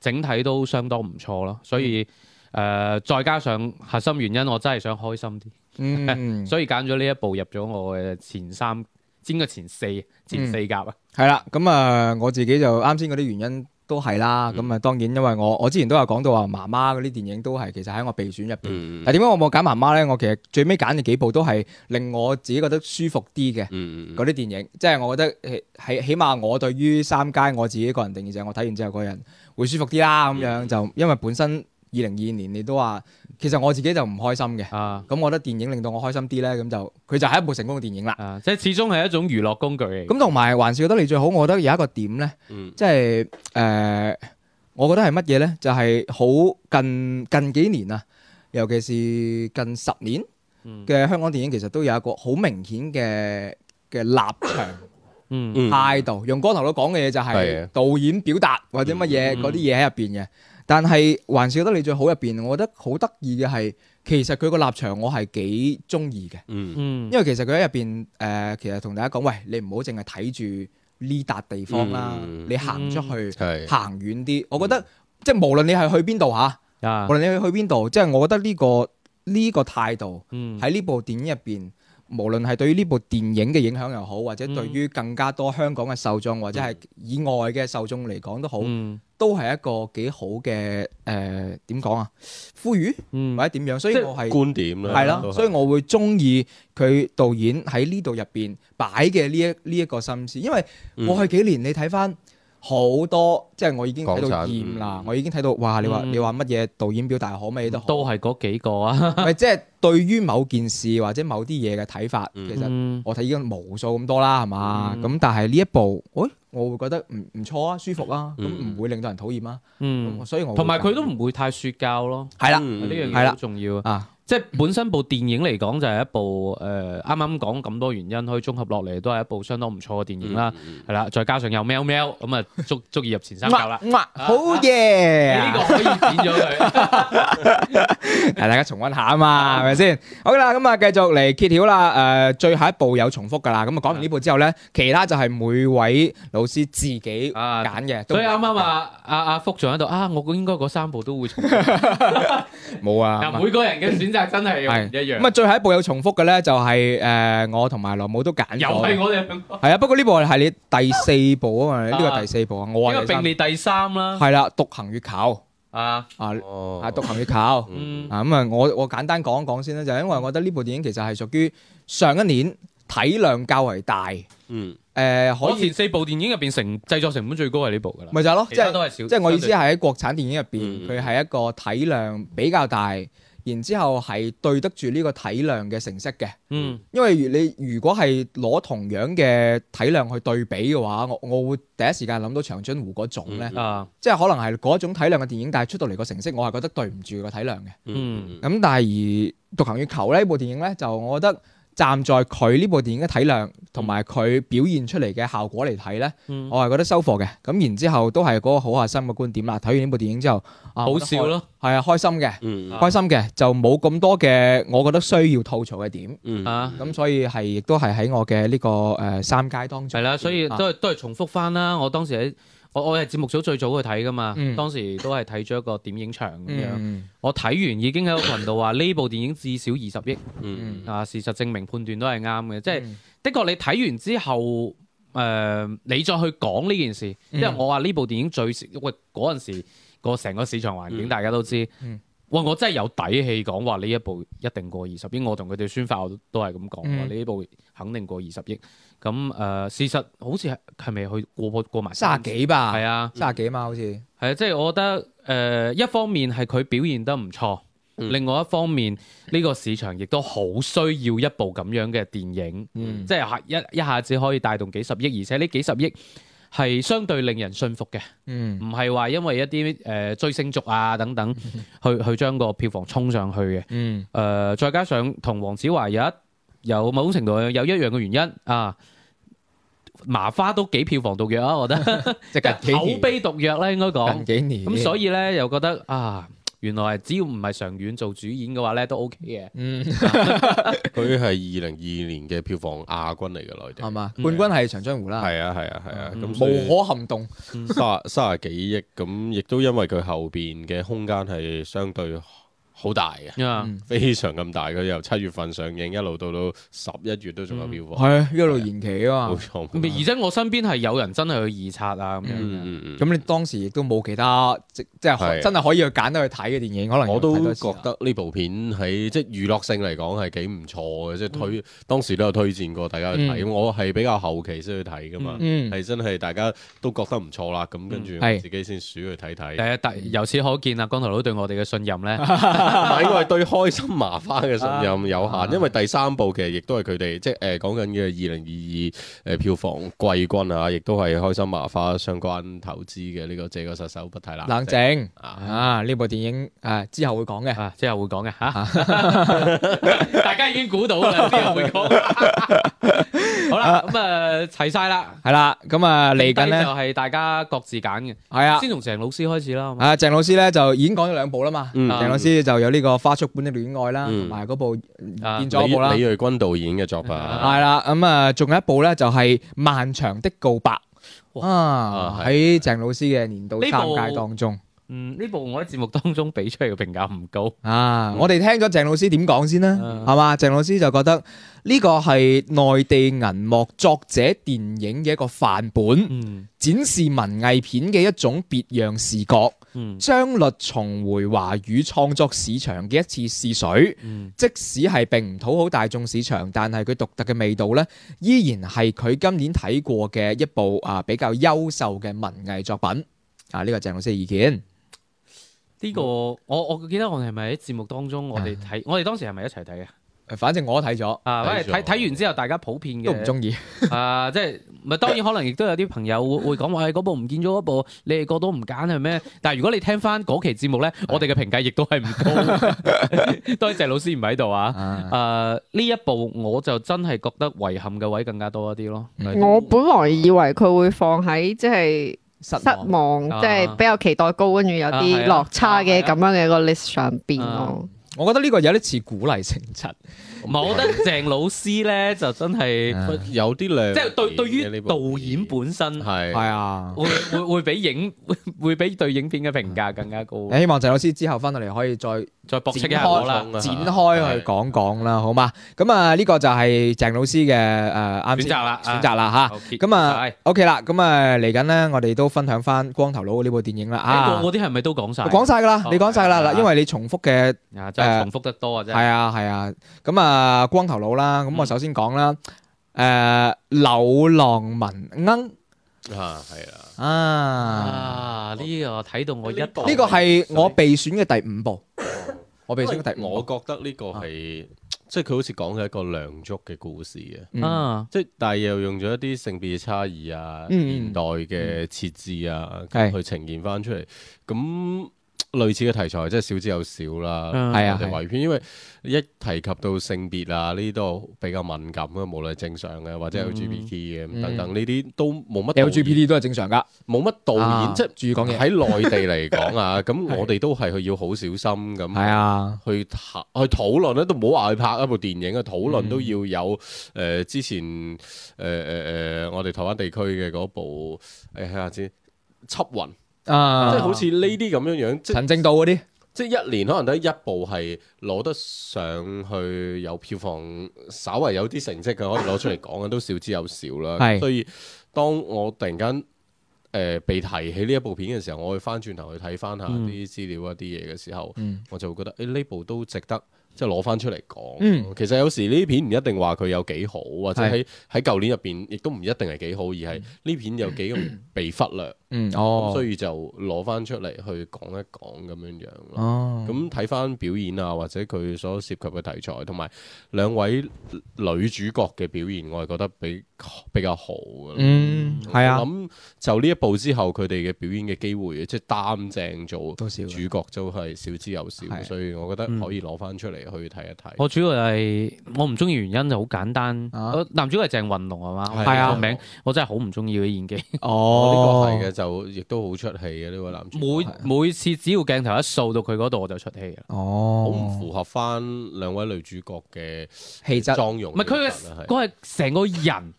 整體都相當唔錯咯。所以誒、呃、再加上核心原因，我真係想開心啲，嗯、 所以揀咗呢一部入咗我嘅前三，兼個前四，前四甲啊。係啦、嗯，咁啊、嗯、我自己就啱先嗰啲原因。都係啦，咁啊、嗯、當然，因為我我之前都有講到話媽媽嗰啲電影都係其實喺我備選入邊。嗯、但點解我冇揀媽媽呢？我其實最尾揀嘅幾部都係令我自己覺得舒服啲嘅嗰啲電影，即、就、係、是、我覺得係起碼我對於三佳我自己個人定義就係我睇完之後個人會舒服啲啦。咁樣、嗯、就因為本身二零二二年你都話。其實我自己就唔開心嘅，咁、啊、我覺得電影令到我開心啲咧，咁就佢就係一部成功嘅電影啦、啊。即係始終係一種娛樂工具。咁同埋，還是覺得你最好，我覺得有一個點咧，即係誒，我覺得係乜嘢咧？就係、是、好近近幾年啊，尤其是近十年嘅香港電影，其實都有一個好明顯嘅嘅立場、態度、嗯。用光頭佬講嘅嘢就係導演表達或者乜嘢嗰啲嘢喺入邊嘅。嗯。但係還是覺得你最好入邊，我覺得好得意嘅係，其實佢個立場我係幾中意嘅。嗯嗯，因為其實佢喺入邊誒，其實同大家講，喂，你唔好淨係睇住呢笪地方啦，嗯、你行出去行、嗯、遠啲。嗯、我覺得即係、即係、無論你係去邊度嚇、嗯，無論你去去邊度，即係我覺得呢個呢個態度喺呢部電影入邊，無論係對於呢部電影嘅影響又好，或者對於更加多香港嘅受眾或者係以外嘅受眾嚟講都好。嗯嗯都係一個幾好嘅誒，點講啊？呼籲，嗯，或者點樣？嗯、所以我係觀點係、啊、啦。的是所以我會中意佢導演喺呢度入邊擺嘅呢一呢一、這個心思，因為過去幾年、嗯、你睇翻好多，即係我已經睇到厭啦。嗯、我已經睇到哇！你話你話乜嘢導演表達咩都好都係嗰幾個啊？咪 即係對於某件事或者某啲嘢嘅睇法，其實我睇已經無數咁多啦，係嘛？咁但係呢一部，欸我會覺得唔唔錯啊，舒服啊，咁唔、嗯、會令到人討厭啊，嗯、所以同埋佢都唔會太説教咯，係啦的，呢、嗯、樣嘢好重要的啊。即係本身部電影嚟講就係一部誒啱啱講咁多原因，可以綜合落嚟都係一部相當唔錯嘅電影啦，係啦、嗯嗯嗯，再加上有喵喵，咁啊，足足以入前三甲啦。啊啊、好嘢，呢個可以剪咗佢，誒 大家重溫下啊嘛，係咪先？好啦，咁啊，繼吧、啊啊、續嚟揭曉啦，誒、啊，最後一部有重複噶啦，咁啊，講完呢部之後咧，其他就係每位老師自己揀嘅、啊。所以啱啱啊，阿阿福仲喺度啊，我應該嗰三部都會重複。冇 啊。每個人嘅選擇。啊啊啊啊真係唔一樣。咁啊，最後一部有重複嘅咧，就係誒我同埋羅姆都揀咗。又係我哋。係啊，不過呢部係你第四部啊嘛，呢個第四部啊，我啊並列第三啦。係啦，《獨行月球》啊啊啊，《獨行月球》咁啊，我我簡單講一講先啦。就係因為我覺得呢部電影其實係屬於上一年體量較為大。嗯。誒，可以。我前四部電影入邊成製作成本最高係呢部㗎啦。咪就係咯，即係都係少。即係我意思係喺國產電影入邊，佢係一個體量比較大。然之後係對得住呢個體量嘅成色嘅，嗯，因為你如果係攞同樣嘅體量去對比嘅話，我我會第一時間諗到長津湖嗰種咧，即係可能係嗰種體量嘅電影，但係出到嚟個成色我係覺得對唔住個體量嘅，嗯，咁但係而獨行月球呢部電影咧就我覺得。站在佢呢部電影嘅體量同埋佢表現出嚟嘅效果嚟睇呢，嗯、我係覺得收貨嘅。咁然之後都係嗰個好核心嘅觀點啦。睇完呢部電影之後，啊、好笑咯，係吧啊，開心嘅，開心嘅就冇咁多嘅我覺得需要吐槽嘅點。咁、嗯嗯、所以係亦都係喺我嘅呢、呢個誒、呃、三佳當中。係啦，所以都係、啊、都係重複翻啦。我當時喺。我係節目組最早去睇噶嘛，嗯、當時都係睇咗一個點映場咁樣。嗯、我睇完已經喺個羣度話呢部電影至少二十億。啊、嗯，事實證明判斷都係啱嘅，即係、嗯、的確你睇完之後，誒、呃，你再去講呢件事，嗯、因為我話呢部電影最少喂嗰陣時成個市場環境大家都知，哇、嗯嗯！我真係有底氣講話呢一部一定過二十億。我同佢哋宣發我都都係咁講話，呢、嗯、部肯定過二十億。咁誒、呃，事實好似係係咪去過過埋三廿幾吧？係啊，三十幾嘛，好似係啊。即、就、係、是、我覺得誒、呃，一方面係佢表現得唔錯，嗯、另外一方面呢、呢個市場亦都好需要一部咁樣嘅電影，嗯、即係一一下子可以帶動幾十億，而且呢幾十億係相對令人信服嘅，唔係話因為一啲誒追星族啊等等、嗯、去去將個票房衝上去嘅。誒、嗯呃，再加上同黃子華有一有某種程度有一樣嘅原因啊，麻花都幾票房毒藥啊，我覺得，口碑毒藥咧應該講。咁所以咧又覺得啊，啊原來只要唔係常遠做主演嘅話咧都 OK 嘅。嗯，佢係二零二年嘅票房亞軍嚟嘅內地，係嘛？啊、冠軍係長津湖啦。係啊係啊係啊，咁、啊啊啊嗯、無可撼動，三三啊十幾億咁，亦都因為佢後邊嘅空間係相對好大嘅，非常咁大。佢由七月份上映一路到到十一月都仲有票房，係一路延期啊嘛。冇錯，而且我身邊係有人真係去二刷啊咁樣。咁你當時亦都冇其他即即係真係可以去揀得去睇嘅電影，可能我都覺得呢部片喺即娛樂性嚟講係幾唔錯嘅，即係推當時都有推薦過大家去睇。我係比較後期先去睇㗎嘛，係真係大家都覺得唔錯啦。咁跟住自己先選去睇睇。係啊，由此可見啊，光頭佬對我哋嘅信任咧。係， 因為對開心麻花嘅信任有限，因為第三部其實亦都係佢哋即係誒講緊嘅二零二二誒票房季軍啊，亦都係開心麻花相關投資嘅呢、這個這個殺手不太冷。冷靜啊！呢、啊、部電影啊，之後會講嘅、啊，之後會講嘅嚇。啊、 大家已經估到啦，之後會講。 好啦，咁啊，齊晒啦，係啦，咁啊，嚟緊咧就係大家各自揀嘅，係啊，先從鄭老師開始啦。啊，鄭老師咧就已經講咗兩部啦嘛，嗯，鄭老師就。有呢、這個花束般的戀愛啦，同埋嗰部、啊、李李瑞君導演嘅作品係啦，咁啊，仲、嗯、有一部咧就係、是《漫長的告白》哇啊，喺鄭、啊、老師嘅年度三佳當中，嗯，呢部我喺節目當中俾出嚟嘅評價唔高、嗯、啊，我哋聽咗鄭老師點講先啦，係嘛、啊？鄭老師就覺得呢個係內地銀幕作者電影嘅一個範本，嗯、展示文藝片嘅一種別樣視覺。張律重回華語創作市場嘅一次試水，嗯、即使係並唔討好大眾市場，但係佢獨特嘅味道呢，依然係佢今年睇過嘅一部啊比較優秀嘅文藝作品。啊，呢個鄭老師意見，呢、這個我我記得我哋係咪喺節目當中我，嗯、我哋睇，我哋當時係咪一齊睇嘅？反正我都睇咗啊！喂，睇睇完之後，大家普遍嘅都唔中意啊！即係咪當然可能亦都有啲朋友會會講話，唉，嗰部唔見咗，嗰部你哋嗰度唔揀係咩？但係如果你聽翻嗰期節目咧，我哋嘅評價亦都係唔高。多謝老師唔喺度啊！誒，呢一部我就真係覺得遺憾嘅位更加多一啲咯。我本來以為佢會放喺即係失望，即係比較期待高，跟住有啲落差嘅咁樣嘅一個 list 上邊咯。我覺得呢個有啲似鼓勵性質，唔係、嗯、是我覺得鄭老師咧就真係是有啲靚，即係對對於導演本身係係啊，會會會比影會會比對影片嘅評價更加高。 的希望鄭老師之後翻到嚟可以再。再博切開，展開去講講啦，好嘛？咁啊，呢個就係鄭老師嘅誒，啱先選擇啦，選擇啦嚇。咁啊，OK 啦。咁啊，嚟緊咧，我哋都分享翻光頭佬呢部電影啦。啊，我啲係咪都講曬？講曬噶啦，你講曬啦嗱，因為你重複嘅誒重複得多啊啫。係啊係啊。咁啊，光頭佬啦。咁我首先講啦。誒，柳浪聞鶯。啊，係啊。啊，呢個睇到我一部。呢個係我備選嘅第五部。我俾覺得呢個係、啊、即係佢好似講嘅一個梁祝嘅故事嘅，即係、嗯、但係又用咗一啲性別嘅差異啊、嗯、現代嘅設置啊，嗯、去呈現返出嚟咁。是類似嘅題材真係少之又少啦，係啊，同埋片，因為一提及到性別啊呢啲都比較敏感啊，無論係正常嘅或者 LGBT 嘅等等呢啲都冇乜。LGBT 都係正常噶，冇乜導演即係注意講嘢喺內地嚟講啊，咁我哋都係去要好小心咁，係啊 的，去去討論咧都唔好話去拍一部電影啊，討論都要有誒之前誒誒誒我哋台灣地區嘅嗰部誒睇下先，欸《緝魂》。啊！即係好似呢啲咁樣樣，陳正道嗰啲，即係一年可能得一部係攞得上去有票房，稍為有啲成績嘅，可以攞出嚟講嘅都少之又少啦。是所以當我突然間、呃、被提起呢一部片嘅時候，我會翻轉頭去睇翻下啲資料、嗯、一啲嘢嘅時候，嗯、我就會覺得誒呢部都值得。即係攞翻出嚟講，嗯、其實有時呢片唔一定話佢有幾好，或者喺喺舊年入邊亦都唔一定係幾好，而係呢片有幾被忽略。嗯哦、所以就攞翻出嚟去講一講咁樣樣咯。咁睇翻表演啊，或者佢所涉及嘅題材，同埋兩位女主角嘅表現，我係覺得比比較好嘅，嗯，係啊，咁就呢一部之後，佢哋嘅表演嘅機會，即係擔正做主角，就係少之又少，所以我覺得可以攞翻出嚟去睇一睇。我主要係我唔中意原因就好簡單，男主角係鄭雲龍係嘛，係啊，個名我真係好唔中意嘅演技。哦，呢個係嘅，就亦都好出戲嘅呢位男主。每每次只要鏡頭一掃到佢嗰度，我就出戲啦。哦，好唔符合翻兩位女主角嘅氣質、妝容，唔係佢嘅，嗰係成個人。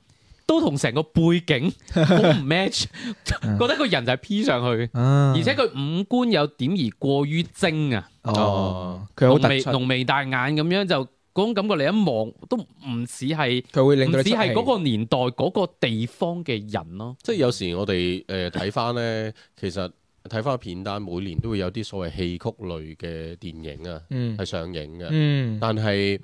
都同成個背景好唔 match， 覺得個人就係 P 上去，啊、而且佢五官有點而過於精啊，佢好、哦、濃眉微大眼咁樣，就嗰種感覺你一望都唔似係，唔似係嗰個年代嗰個地方嘅人咯。即係有時我哋誒睇翻呢，其實睇翻片單，每年都會有啲所謂戲曲類嘅電影啊，係上映嘅，嗯嗯、但係。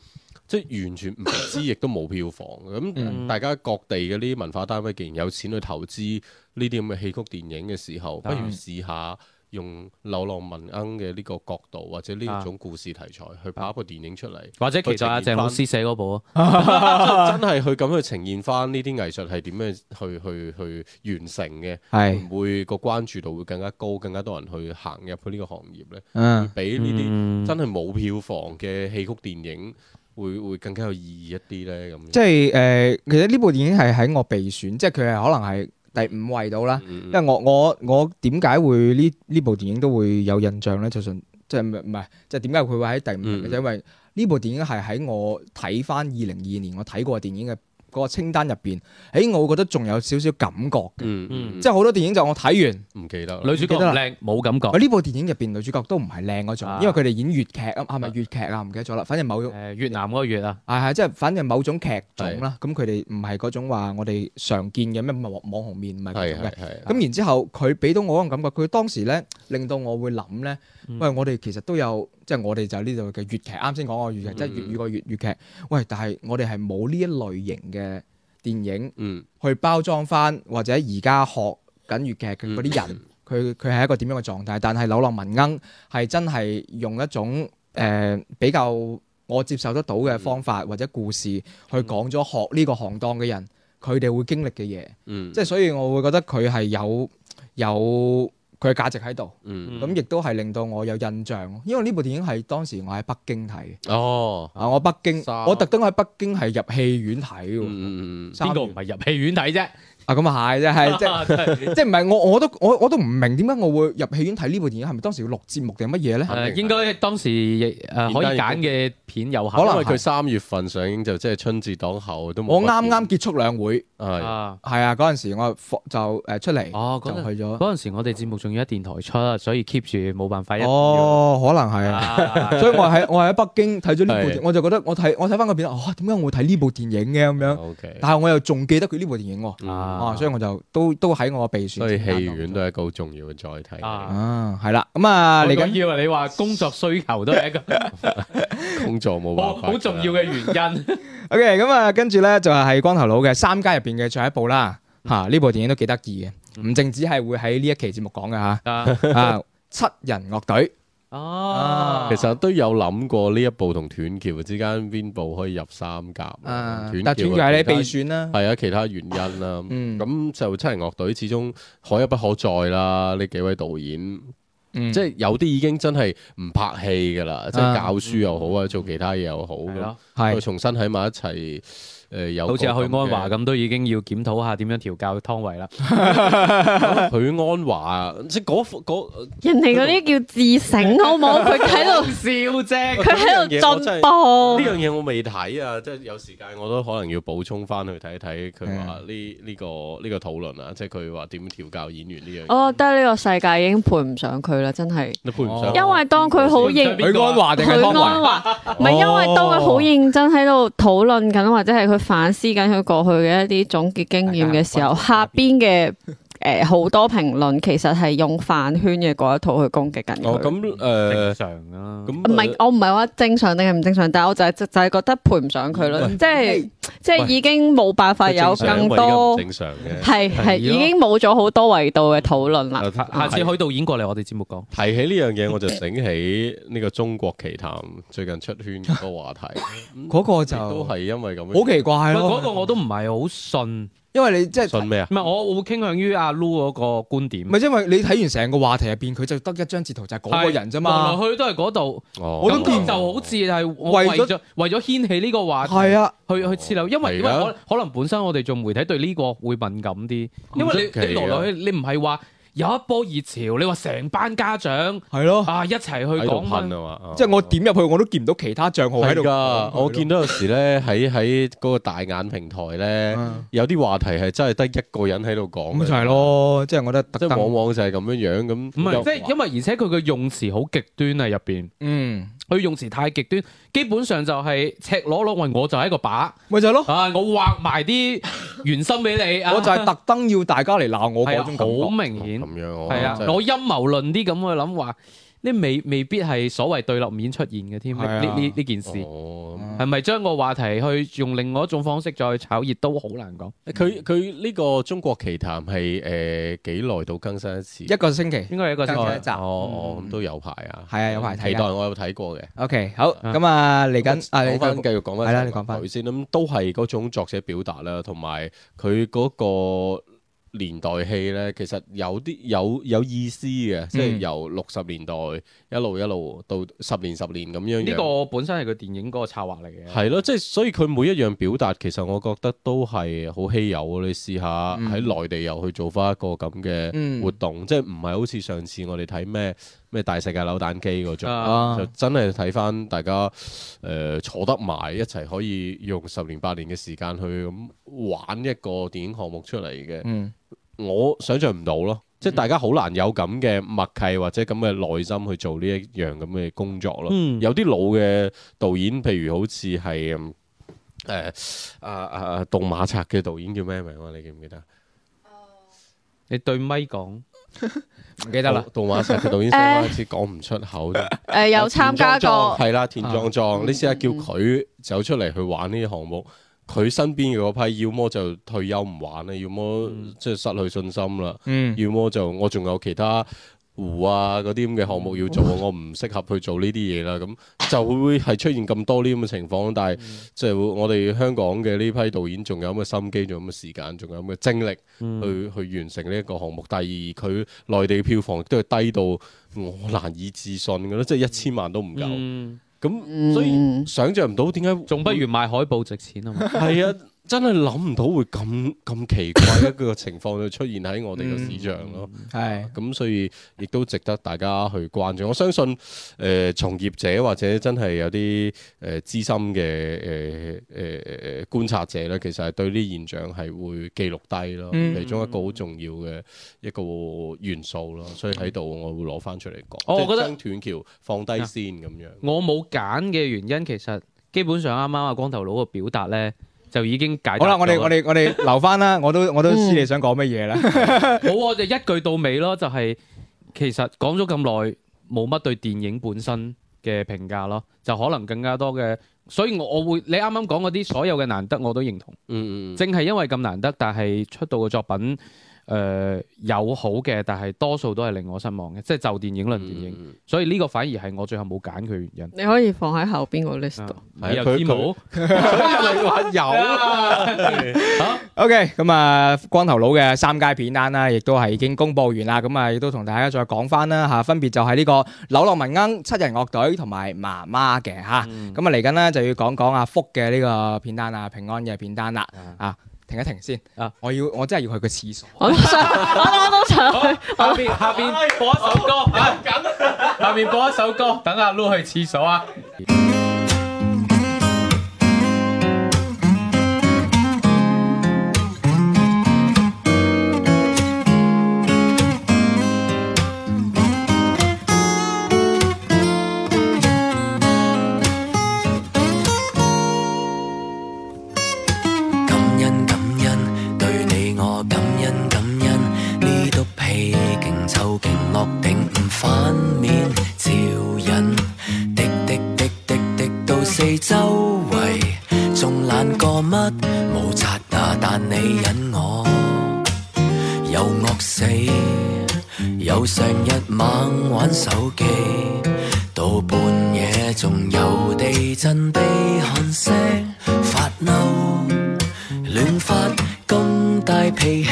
即完全唔知，亦都冇票房。咁大家各地嘅呢啲文化單位，既然有錢去投資呢啲咁嘅戲曲電影嘅時候，嗯、不如試下用柳浪聞鶯嘅呢個角度，或者呢種故事題材，啊、去拍一部電影出嚟。或者其實阿鄭老師寫嗰部啊，真係去咁去呈現翻呢啲藝術係點樣去去去，去，去完成嘅，係、嗯、是會個關注度會更加高，更加多人去行入去呢個行業咧。啊、嗯，而俾呢啲真係冇票房嘅戲曲電影。會會更加有意義一啲咧咁。即係誒、呃，其實呢部電影係喺我備選，即係佢係可能係第五位到啦。嗯嗯，因為我我我點解會呢呢部電影都會有印象咧？就算，即係唔唔即係點解佢會喺第五位？就、嗯嗯、因為呢部電影係喺我睇翻二零二二年我睇過嘅電影嘅個清單入邊，誒、哎，我覺得仲有少少感覺嘅，嗯嗯、即係好多電影就我睇完唔記得，女主角靚，冇感覺。呢部電影入邊女主角都唔係靚嗰種，啊、因為佢哋演粵劇，是是粵劇啊，係咪粵劇啊？唔記得咗啦，反正某種、呃、越南嗰個粵啊，係係、哎，即係反正某種劇種啦。咁佢哋唔係嗰種話我哋常見嘅咩網紅面，唔係咁嘅。咁、啊、然之後佢俾到我嗰種感覺，佢當時咧令到我會諗咧，喂，我哋其實都有。即係我哋就呢度嘅粵劇，啱先講個粵劇，嗯嗯，即係粵語個粵粵劇。喂，但係我哋係冇呢一類型嘅電影去包裝翻，或者而家學緊粵劇嗰啲人，佢佢係一個點樣嘅狀態？但係柳浪聞鶯係真係用一種誒、呃、比較我接受得到嘅方法嗯嗯嗯，或者故事去講咗學呢個行當嘅人佢哋會經歷嘅嘢。嗯嗯，即係所以，我會覺得佢係有有。有有有有有佢嘅價值喺度，咁亦都係令到我有印象。因為呢部電影係當時我喺北京睇，哦，啊，我北京，三我特登喺北京係入戲院睇嘅。邊度唔係入戲院睇啫？啊，咁啊係啫，係 即係即係唔係？我我都我我都唔明點解我會入戲院睇呢部電影？係咪當時要錄節目定乜嘢咧？誒、嗯，應該當時誒可以揀嘅片有限。可能佢三月份上映就即係春節檔後都冇。我啱啱結束兩會。係啊，嗰陣時我就誒出嚟，哦，就去咗。嗰陣時我哋節目仲要喺電台出，所以 keep 住冇辦法。哦，可能係啊，所以我喺我喺北京睇咗呢部，我就覺得我睇我睇翻個片，啊，點解我會睇呢部電影嘅咁樣？但係我又仲記得佢呢部電影，哦，所以我就都都喺我備選。所以戲院都係一個好重要嘅載體。啊，係啦，咁啊，嚟緊要啊。你話工作需求都係一個工作冇話好重要嘅原因。O K，咁啊，跟住咧就係光頭佬嘅三加一。邊嘅最後一部啦，吓呢部電影都幾得意嘅，唔淨止係會喺呢一期節目講嘅吓，啊七人樂隊哦，其實都有諗過呢一部同斷橋之間邊部可以入三甲，但斷橋係你備選啦，係啊其他原因啦，咁就七人樂隊始終可一不可再啦，呢幾位導演，即係有啲已經真係唔拍戲噶啦，即係教書又好啊，做其他嘢又好，佢重新喺埋一齊。誒有，好似阿許安華咁，都已經要檢討下點樣調教湯唯啦。許安華即嗰人哋嗰啲叫自省，好唔好？佢喺度笑啫，佢喺度進步。呢樣嘢我未睇啊，即係有時間我都可能要補充翻去睇一睇佢話呢呢個呢個討論啊，即係佢話點調教演員呢樣嘢。我覺得呢個世界已經配唔上佢啦，真係。配唔上？因為當佢好認許安華定係湯唯？唔係，因為當佢好認真喺度討論緊，或者係佢。反思緊佢過去嘅一啲總結經驗嘅時候，下邊嘅。 誒，好多評論其實係用飯圈嘅嗰一套去攻擊緊佢。哦，咁誒，正常啦。咁唔係，我唔係話正常定係唔正常，但係我就係就係覺得配唔上佢咯。即係即係已經冇辦法有更多正常嘅。係係，已經冇咗好多維度嘅討論啦。下次去導演過嚟，我哋節目講。提起呢樣嘢，我就醒起呢個中國奇譚最近出圈個話題。嗰個就都係因為咁樣，好奇怪咯。嗰個我都唔係好信。因為你即係信咩啊？唔係我會傾向於阿 Lu 嗰個觀點。唔係因為你睇完成個話題入邊，佢就得一張截圖就係嗰個人啫嘛。去都係嗰度。咁就好似係為咗為咗了掀起呢個話題。係啊，去去刺激，因為可、啊、可能本身我哋做媒體對呢個會敏感啲。因為你落落、啊、去，你唔係話。有一波熱潮，你話成班家長係咯的啊一齊去講，啊哦、即係我點入去我都見唔到其他帳號喺度㗎。的嗯、我見到有時咧喺喺嗰個大眼平台咧，嗯、有啲話題係真係得一個人喺度講。咁就係咯，即係我覺得特即往往就係咁樣樣咁。唔係是，即係因為而且佢嘅用詞好極端啊入邊。嗯。佢用詞太極端，基本上就係赤裸裸話我就係一個靶。咪就係咯。啊，我畫埋啲原心俾你，啊、 我就係特登要大家嚟鬧我嗰種感覺。好、啊、明顯，係、哦就係、啊，攞陰謀論啲咁去諗話，啲未未必係所謂對立面出現嘅添。呢呢呢件事。哦。係咪將個話題去用另外一種方式再炒熱都好難講。佢佢呢個《中國奇談》係誒幾耐到更新一次？一個星期應該係一個星期，期一集。哦哦，咁、嗯、都有排啊。係啊，有排睇、啊。期待我有睇過嘅。OK，好咁啊，嚟緊啊，嚟緊繼續講翻，係啦，你講翻佢先啦。咁都係嗰種作者表達啦，同埋佢嗰個。年代戲呢，其實有啲有有意思嘅。嗯、即係由六十年代一路一路到十年十年咁樣。呢個本身係個電影嗰個策劃嚟嘅。係咯，即係所以佢每一樣表達，其實我覺得都係好稀有。你試下喺內地又去做返一個咁嘅活動，嗯、即係唔係好似上次我哋睇咩咩大世界扭蛋機嗰種，啊、就真係睇翻大家誒、呃、坐得埋一齊，可以用十年八年嘅時間去咁玩一個電影項目出嚟嘅。嗯、我想象唔到咯，即係大家好難有咁嘅默契或者咁嘅耐心去做呢一樣咁嘅工作咯。嗯、有啲老嘅導演，譬如好似係誒啊啊盜馬賊嘅導演叫咩名啊？你記唔記得？你對咪講。唔 記得了啦，動畫社個導演先開始講唔出口。誒、欸、呃，有參加過，係啦，田壯壯，啊、你試下叫佢走出嚟去玩呢啲項目，佢、嗯、身邊嘅嗰批，要麼就退休唔玩啦，要麼、嗯、即係失去信心啦，要麼、嗯、就我仲有其他。湖啊，嗰啲咁嘅項目要做，我唔適合去做呢啲嘢啦，咁就會會係出現咁多呢啲咁嘅情況。但係即係我哋香港嘅呢批導演，仲有咁嘅心機，仲有咁嘅時間，仲有咁嘅精力去去完成呢一個項目。第二，佢內地票房都係低到我難以置信嘅咯，即係一千萬都唔夠。咁，嗯，所以想像唔到點解仲不如賣海報值錢 啊？係啊！真係諗唔到會咁咁奇怪一個情況，就 出現喺我哋個市場咯。係咁、嗯，嗯、所以亦都值得大家去關注。我相信誒、呃，從業者或者真係有啲誒、呃、資深嘅誒誒觀察者咧，其實係對呢現象係會記錄低咯，嗯、其中一個好重要嘅一個元素咯。嗯、所以喺度我會攞翻出嚟講，嗯、即係我覺得將斷橋放低先咁樣。我冇揀嘅原因，其實基本上啱啱阿光頭佬個表達咧。就已經解答好啦！我哋我哋我哋留翻啦， 我都我都知你想講乜嘢啦。冇， 我哋一句到尾咯，就係、是、其實講咗咁耐，冇乜對電影本身嘅評價咯，就可能更加多嘅。所以我我會你啱啱講嗰啲所有嘅難得，我都認同。嗯嗯嗯，正係因為咁難得，但係出道嘅作品。誒、呃，有好嘅，但係多數都係令我失望嘅，即係就電影論電影，嗯、所以呢個反而係我最後冇揀佢原因。你可以放喺後邊個 list 度，佢冇、啊，有哎、所以你話有、啊。O K，咁啊,啊 okay,、嗯，光頭佬嘅三佳片單啦，亦都係已經公布完啦，咁啊、嗯，亦都同大家再講翻啦吓，分別就係呢個柳浪聞鶯七人樂隊同埋媽媽嘅吓，咁啊嚟緊咧就要講講阿福嘅呢個片單啊，平安嘅片單啦啊。停一停先啊！我要我真係要去個廁所，我都想，我都我都想去。下邊播一首歌，啊、 下邊播一首歌，等阿 Lu 去廁所啊！ 反面照人滴，滴滴滴滴滴到四周圍，仲懶過乜？冇擦牙，但你忍我，又惡死，又成日猛玩手機，到半夜仲有地震，悲喊聲發嬲，亂發咁大脾氣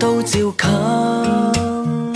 都照近。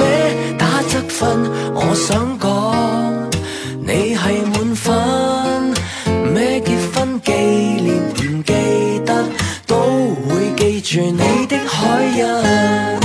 我想講，你係滿分。咩結婚紀念唔記得，都會記住你的海印。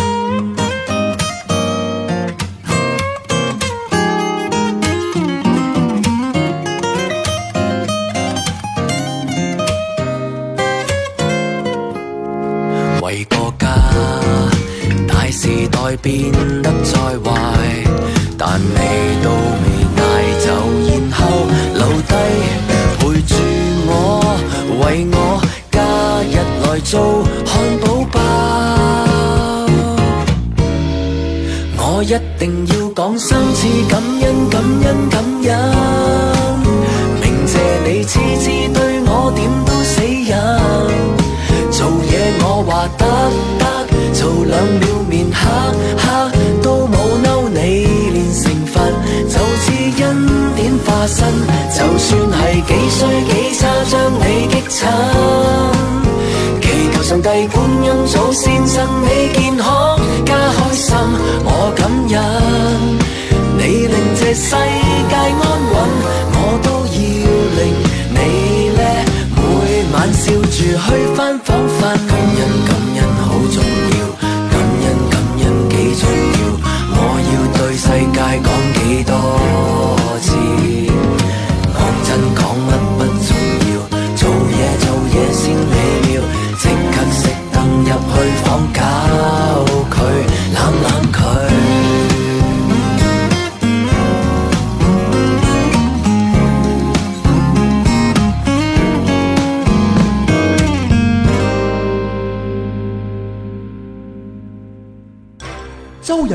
就算係幾衰幾差，將你激親，祈求上帝觀音祖先生你健康加開心，我感恩。你令這世界安穩，我都要令你叻，每晚笑住去返。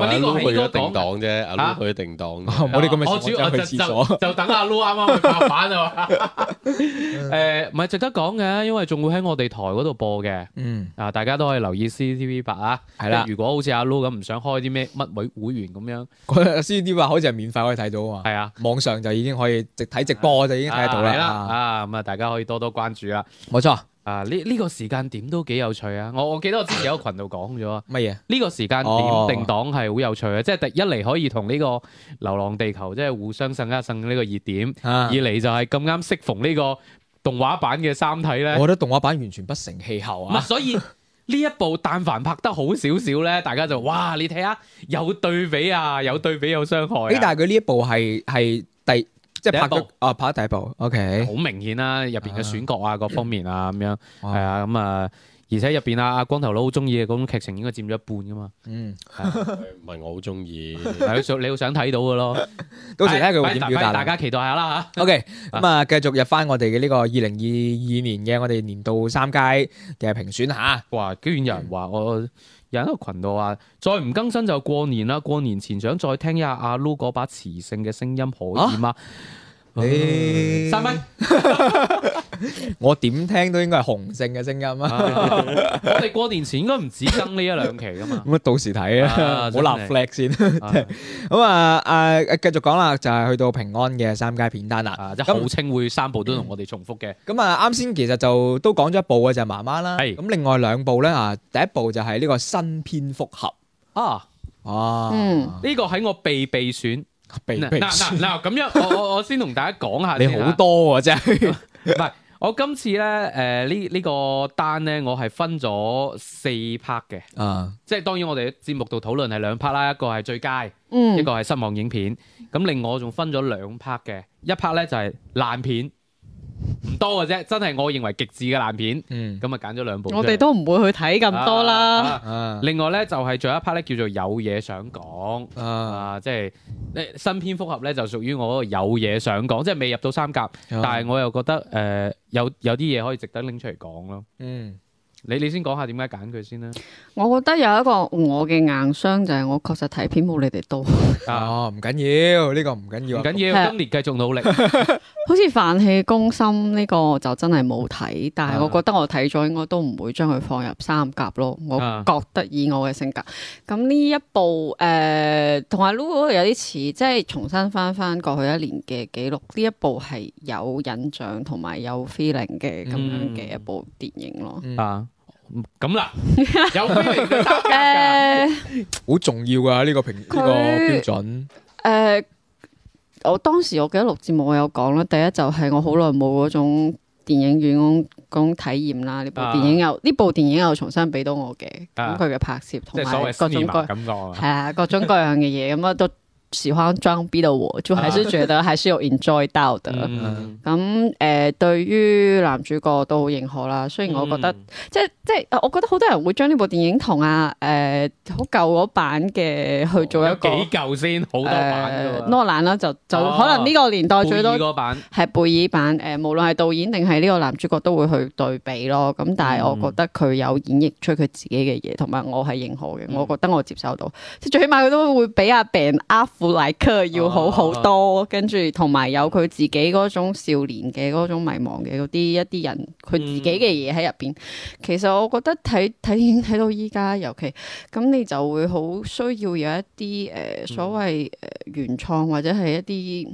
喂，阿 Lu 去咗定檔啫，阿 Lu 去咗定檔，我哋咁咪又去廁所。就等阿 Lu 啱啱去拍板啊！誒，唔係值得講嘅，因為仲會喺我哋台嗰度播嘅。嗯，啊，大家都可以留意 CCTV 八啊。係啦，如果好似阿 Lu 咁唔想開啲咩乜會會員咁樣，CCTV 八好似係免費可以睇到啊嘛。係啊，網上就已經可以直睇直播，就已經睇到啦。啊，咁啊，大家可以多多關注啦。冇錯。啊！呢、這、呢個時間點都幾有趣啊！我我記得我之前喺個群度講咗啊！乜嘢麼？呢個時間點定檔係好有趣嘅，哦、即係一嚟，可以同呢個《流浪地球》即係互相蹭一蹭呢個熱點；啊、二嚟就係咁啱適逢呢個動畫版嘅《三體》咧。我覺得動畫版完全不成氣候啊！啊所以呢一部但凡拍得好少少咧，大家就哇！你睇下有對比啊，有對比有傷害、啊。但係佢呢一部係係第。即係、哦、拍第一部，okay、啊拍一大部，OK，好明顯啦，入邊嘅選角啊，各方面啊咁樣，係啊，咁啊，而且入邊阿光頭佬好中意嘅嗰種劇情，應該佔咗一半噶、啊、嘛，嗯，唔 係、啊欸、我好中意，係 你好想睇到嘅咯，哎、到時咧佢會點表達？大家期待下啦吓 ，OK，咁啊，繼續入翻我哋嘅呢個二零二二年嘅我哋年度三佳嘅評選吓，嗯、哇，居然有人話我。嗯有一個群度話，再唔更新就過年啦！過年前想再聽一下阿 Lu 嗰把磁性嘅聲音，可以嗎？嗯、你三分。 我點聽都應該係雄性嘅聲音啊！我哋過年前應該唔止更呢一兩期噶嘛？咁啊，到時睇啊，好立 flag 先。咁啊，誒，繼續講啦，就係、是、去到平安嘅三佳片單啦。啊，即係號稱會三部都同我哋重複嘅。咁啊，啱先其實就都講咗一部嘅就係媽媽啦。係咁，另外兩部咧啊，第一部就係呢個新蝙蝠俠。啊。哇，呢個喺我備備選。備嗱咁樣我我我先同大家講下。你好多啊真係，唔係。我今次咧，誒呢呢個單咧，我係分咗四 part 嘅，啊，uh. 即係當然我哋嘅節目度討論係兩 part 啦，一個係最佳，嗯，一個係失望影片，咁另、mm. 我仲分咗兩 part 嘅，一 part 咧就係、是、爛片。唔多嘅啫，真係我認為極致嘅爛片，咁啊揀咗兩部。兩我哋都唔會去睇咁多啦。啊啊、 另外呢，就係仲有一 part 咧，叫做有嘢想講啊，即係、啊就是、新片復合呢，就屬於我個有嘢想講，即係未入到三甲，哦、但係我又覺得誒、呃、有有啲嘢可以值得拎出嚟講咯。嗯。你你先講下點解揀佢先啦？我覺得有一個我嘅硬傷就係我確實睇片冇你哋多 哦，唔緊要，呢個唔緊要，唔緊要，今年繼續努力。 好似《飯戲攻心》呢、這個就真係冇睇，但係我覺得我睇咗應該都唔會將佢放入三甲咯。我覺得以我嘅性格，咁呢一部誒同、呃、阿 Lulu 有啲似，即係重新翻翻過去一年嘅記錄。呢一部係有印象同埋有 feeling 嘅咁樣嘅一部電影咯。嗯嗯咁啦，有分別嘅，好重要㗎呢個評呢個標準。誒、呃，我當時我記得錄節目我有講啦，第一就係我好耐冇嗰種電影院嗰種體驗啦，呢部電影又呢、啊、部電影又重新俾到我嘅，咁佢嘅拍攝同埋各種感覺係啊，各種各樣嘅嘢咁啊都。 喜歡裝逼到我就還是覺得還是有 enjoy 到的。咁誒，對於男主角都好認可啦、啊。雖然我覺得即、嗯、即，即我覺得好多人會將呢部電影同阿誒好舊嗰版嘅去做一、這個、哦、有幾舊先好多版咯、啊。諾蘭啦，就就、哦、可能呢個年代最多版係貝爾版。誒，無論係導演定係呢個男主角都會去對比咯。咁但係我覺得佢有演繹出佢自己嘅嘢，同埋我係認可嘅、嗯嗯。我覺得我接受到，即最起碼佢都會俾阿 Ben up。啊啊好 like 要好好多，啊、跟住同埋有佢自己嗰種少年嘅嗰種迷茫嘅嗰啲一啲人，佢自己嘅嘢喺入邊。嗯、其實我覺得睇睇電影睇到依家，尤其咁你就會好需要有一啲誒、呃、所謂、呃、原創或者係一啲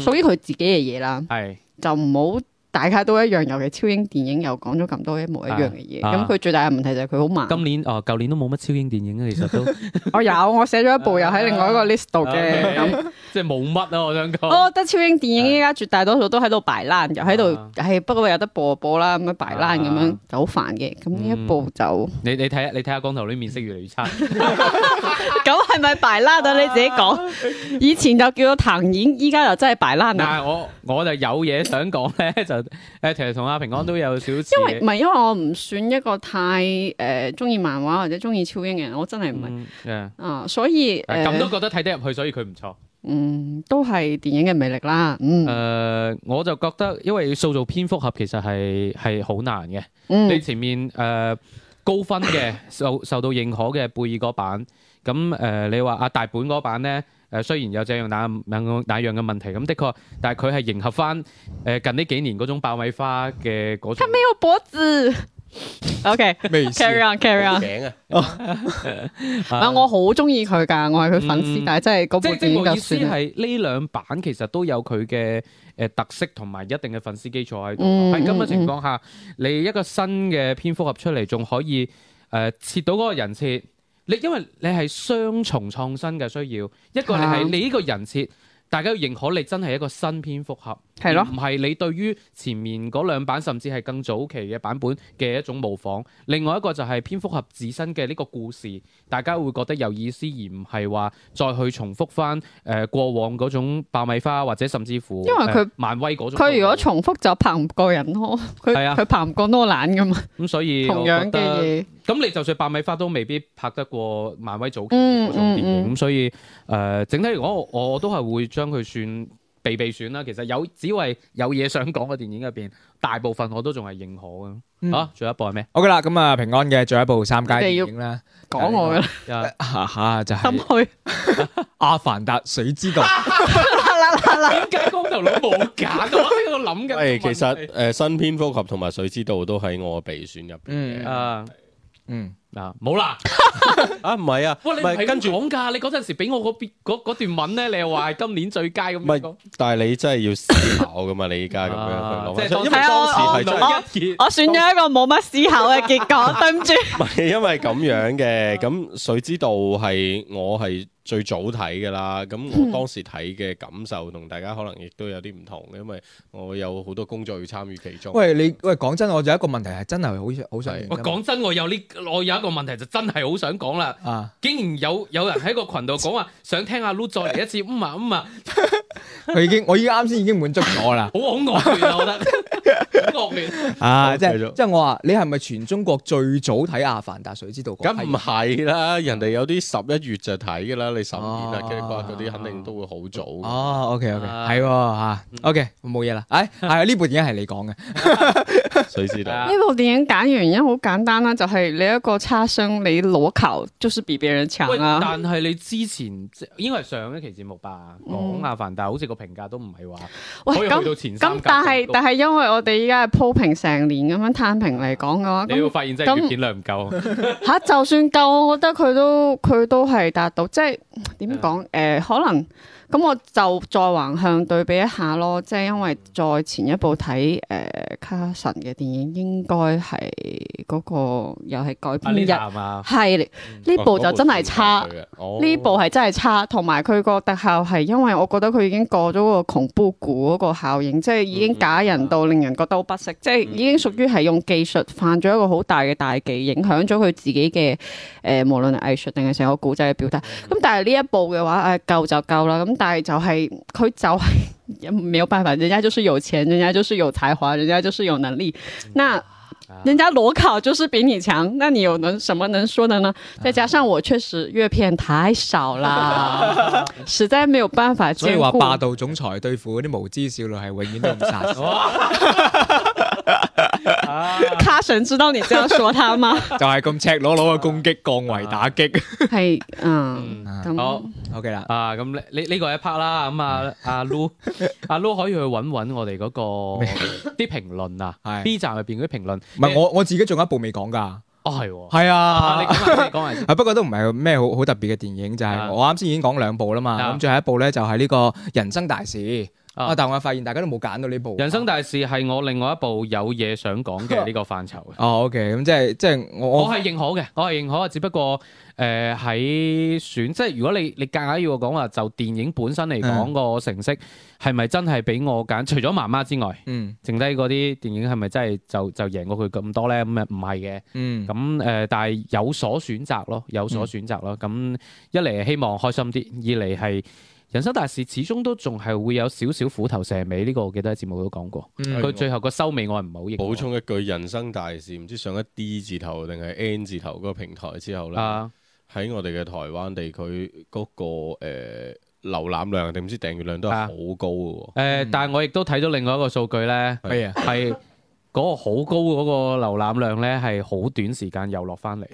屬於佢自己嘅嘢啦。係、嗯、就唔好。大家都一樣，尤其超英電影又講咗咁多一模一樣嘅嘢，咁佢、啊、最大嘅問題就係佢好慢。今年哦，舊年都冇乜超英電影嘅，其實都我有、 哦，我寫咗一部又喺另外一個 list 度嘅咁，啊啊、那即係冇乜啊。我想講。我覺得超英電影依家絕大多數都喺度擺爛，啊、又喺度，唉、啊，不過有得播播啦，咁樣擺爛咁樣、啊啊、就好煩嘅。咁呢一部就你你睇，你睇下光頭佬面色越嚟越差。 咁係咪白拉到你自己講？以前就叫做藤演，依家又真係白拉。但係我我就有嘢想講咧，就誒， 其實同阿平安都有少少。因為唔係，因為我唔算一個太誒中意漫畫或者中意超英嘅人。我真係唔係啊，所以咁都覺得睇得入去，所以佢唔錯。嗯，都係電影嘅魅力啦。嗯，誒、呃，我就覺得因為要塑造蝙蝠俠其實係係好難嘅。嗯，你前面誒、呃、高分嘅受受到認可嘅貝爾嗰版。咁誒，你話阿大本嗰版咧誒，雖然有這樣那那個那樣嘅問題，咁的確，但係佢係迎合翻誒近呢幾年嗰種爆米花嘅嗰種。他沒有脖子。O K。carry on carry on。名啊！我好中意佢噶，我係佢粉絲，但係真係嗰部片就算係呢兩版，其實都有佢嘅誒特色同埋一定嘅粉絲基礎喺度。喺咁嘅情況下，你一個新嘅蝙蝠俠出嚟，仲可以誒切到嗰個人設。你因為你係雙重創新嘅需要，一個係你呢，你個人設，大家要認可你真係一個新蝙蝠俠。係咯，唔係你對於前面嗰兩版甚至係更早期嘅版本嘅一種模仿。另外一個就係、是、蝙蝠俠自身嘅呢個故事，大家會覺得有意思，而唔係話再去重複返誒過往嗰種爆米花或者甚至乎。因為佢、呃、漫威嗰種。佢如果重複就拍唔過人咯，佢佢、啊、拍唔過多蘭㗎嘛。咁、嗯、所以同樣嘅嘢，咁你就算爆米花都未必拍得過漫威早期嗰種電影。咁、嗯嗯嗯、所以誒、呃，整體嚟講，我都係會將佢算。被被選啦，其實有只為有嘢想講嘅電影入邊，大部分我都仲係認可嘅。啊，嗯、最後一部係咩？OK 啦，咁啊平安嘅最後一部三佳電影咧，講我啦對，吓吓、 啊、就係阿凡達水之道，點解光頭佬冇假我嘅？我諗緊係其實誒、呃，新蝙蝠俠同埋水之道都喺我備選入邊嘅。嗯啊嗯嗱，冇啦啊，唔係啊，唔係跟住講噶，你嗰陣著時俾我嗰段文咧，你又話係今年最佳咁。唔係，但係你真係要思考噶嘛？你依家咁樣、 啊、因為當時係做一件，我選咗一個冇乜思考嘅結果， 對唔不住。唔 係因為咁樣嘅，咁誰知道係我係？最早睇噶啦，咁我當時睇嘅感受同大家可能亦都有啲唔同，因為我有好多工作要參與其中。喂，你，喂講真，我有一個問題係真係好想好想。我講是真，我有呢，我有一個問題就真係好想講啦。啊！竟然有有人喺個群度講話，想聽阿 Lulu 再嚟一次。唔啊唔啊！佢、嗯嗯、已經，我依家啱先已經滿足咗啦。好惡劣啊！我覺得惡劣 啊！即係即係我話，你係咪全中國最早睇《阿凡達水之道》？咁唔係啦，人哋有啲十一月就睇噶啦你。你十年啊，跟住嗰啲肯定都會好早。哦，OK OK，係喎嚇，OK 冇嘢啦。哎，係呢部電影係你講嘅，誰知道。呢部電影揀嘅原因好簡單啦，就係你一個差生，你攞球就是比別人強啦。但係你之前，應該係上一期節目吧，好麻煩，但係好似個評價都唔係話可以去到前三。喂，咁但係但係，因為我哋依家鋪平成年咁樣攤平嚟講嘅話，你會發現真係片量唔夠。吓，就算夠，我覺得佢都佢都係達到，即係。點講誒？可能。咁我就再橫向對比一下咯，即係因為再前一部睇誒、呃、卡神嘅電影，應該係嗰、那個又係改編日呢部就真係差，呢、嗯哦、部係真係差，同埋佢個特效係因為我覺得佢已經過咗個恐怖谷嗰個效應，即係已經假人到、嗯、令人覺得好不適，嗯、即係已經屬於係用技術犯咗一個好大嘅大忌，影響咗佢自己嘅誒、呃、無論係藝術定係成個古仔嘅表達。咁、嗯嗯、但係呢一部嘅話誒夠就夠啦，咁。再招黑，可以招黑，也沒有辦法，人家就是有錢，人家就是有才華，人家就是有能力，那，人家裸考就是比你強，那你有能什麼能說的呢？再加上我確實閱片太少啦，實在沒有辦法兼顧 所以話霸道總裁對付嗰啲無知少女係永遠都唔殺。 卡神知道你這樣說他嗎？就係咁赤裸裸嘅攻擊，降維打擊。係，嗯，好，OK 啦。啊，咁呢呢個一 part 啦。咁啊阿 Lu，阿 Lu 可以去搵搵我哋嗰個啲評論啊，係 B 站入邊嗰啲評論。唔係我我自己仲有一部未講噶。哦，係喎。係啊。你講嚟。啊，不過都唔係咩好好特別嘅電影，就係我啱先已經講兩部啦嘛。咁最後一部咧就係呢個人生大事。啊、哦！但我發現大家都冇揀到呢部《人生大事》係我另外一部有嘢想講嘅呢個範疇 哦，OK，咁即係即係我我係認可嘅，我係認可。只不過誒喺、呃、選即係如果你你夾硬要我講話就電影本身嚟講、嗯、個成色係咪真係俾我揀？除咗媽媽之外，嗯，剩低嗰啲電影係咪真係就就贏過佢咁多咧？咁啊唔係嘅，嗯，咁誒、呃，但係有所選擇咯，有所選擇咯。咁、嗯、一嚟希望開心啲，二嚟係。人生大事始終都仲係會有少少虎頭蛇尾，呢、呢個我記得喺節目都講過。佢、嗯、最後個收尾我係唔好認。補充一句，人生大事唔知上咗 D 字頭定係 N 字頭嗰個平台之後呢，喺、啊、我哋嘅台灣地區嗰、嗰個誒、呃、瀏覽量定唔知訂閱量都係好高嘅喎。啊呃嗯、但係我亦都睇咗另外一個數據呢，係嗰個好高嗰個瀏覽量呢，係好短時間又落翻嚟。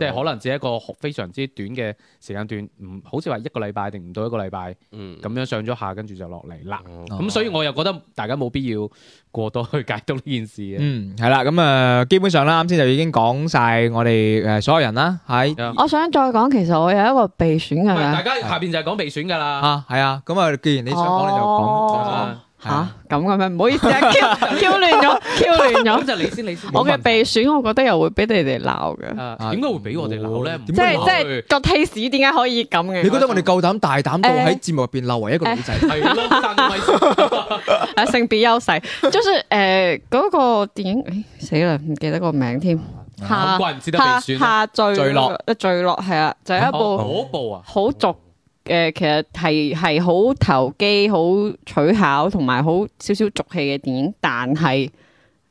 即係可能只係一個非常之短嘅時間段，唔好似話一個禮拜定唔到一個禮拜，咁、嗯、樣上咗下，跟住就落嚟啦。咁、哦、所以我又覺得大家冇必要過多去解讀呢件事嘅。嗯，係啦，咁誒、呃、基本上啦，啱先就已經講晒我哋誒所有人啦。係、嗯、我想再講，其實我有一個備選嘅。大家下邊就係講備選㗎啦。嚇，係啊。咁啊，既然你想講你就講。哦啊吓咁嘅咩？唔好意思，Q Q 亂咗，Q 亂咗，就你先，你先。我嘅備選，我覺得又會俾你哋鬧嘅。啊，點解會俾我哋鬧咧？即係即係個 taste 點解可以咁嘅？你覺得我哋夠膽大膽到喺節目入邊鬧為一個古仔？係咯，性別優勢。就算誒，嗰個電影誒，死啦，唔記得個名添。下下墜落，墜落係啊，就係一部好部啊，好俗。誒、呃，其實係係好投機、好取巧，同埋好少少俗氣嘅電影。但係誒，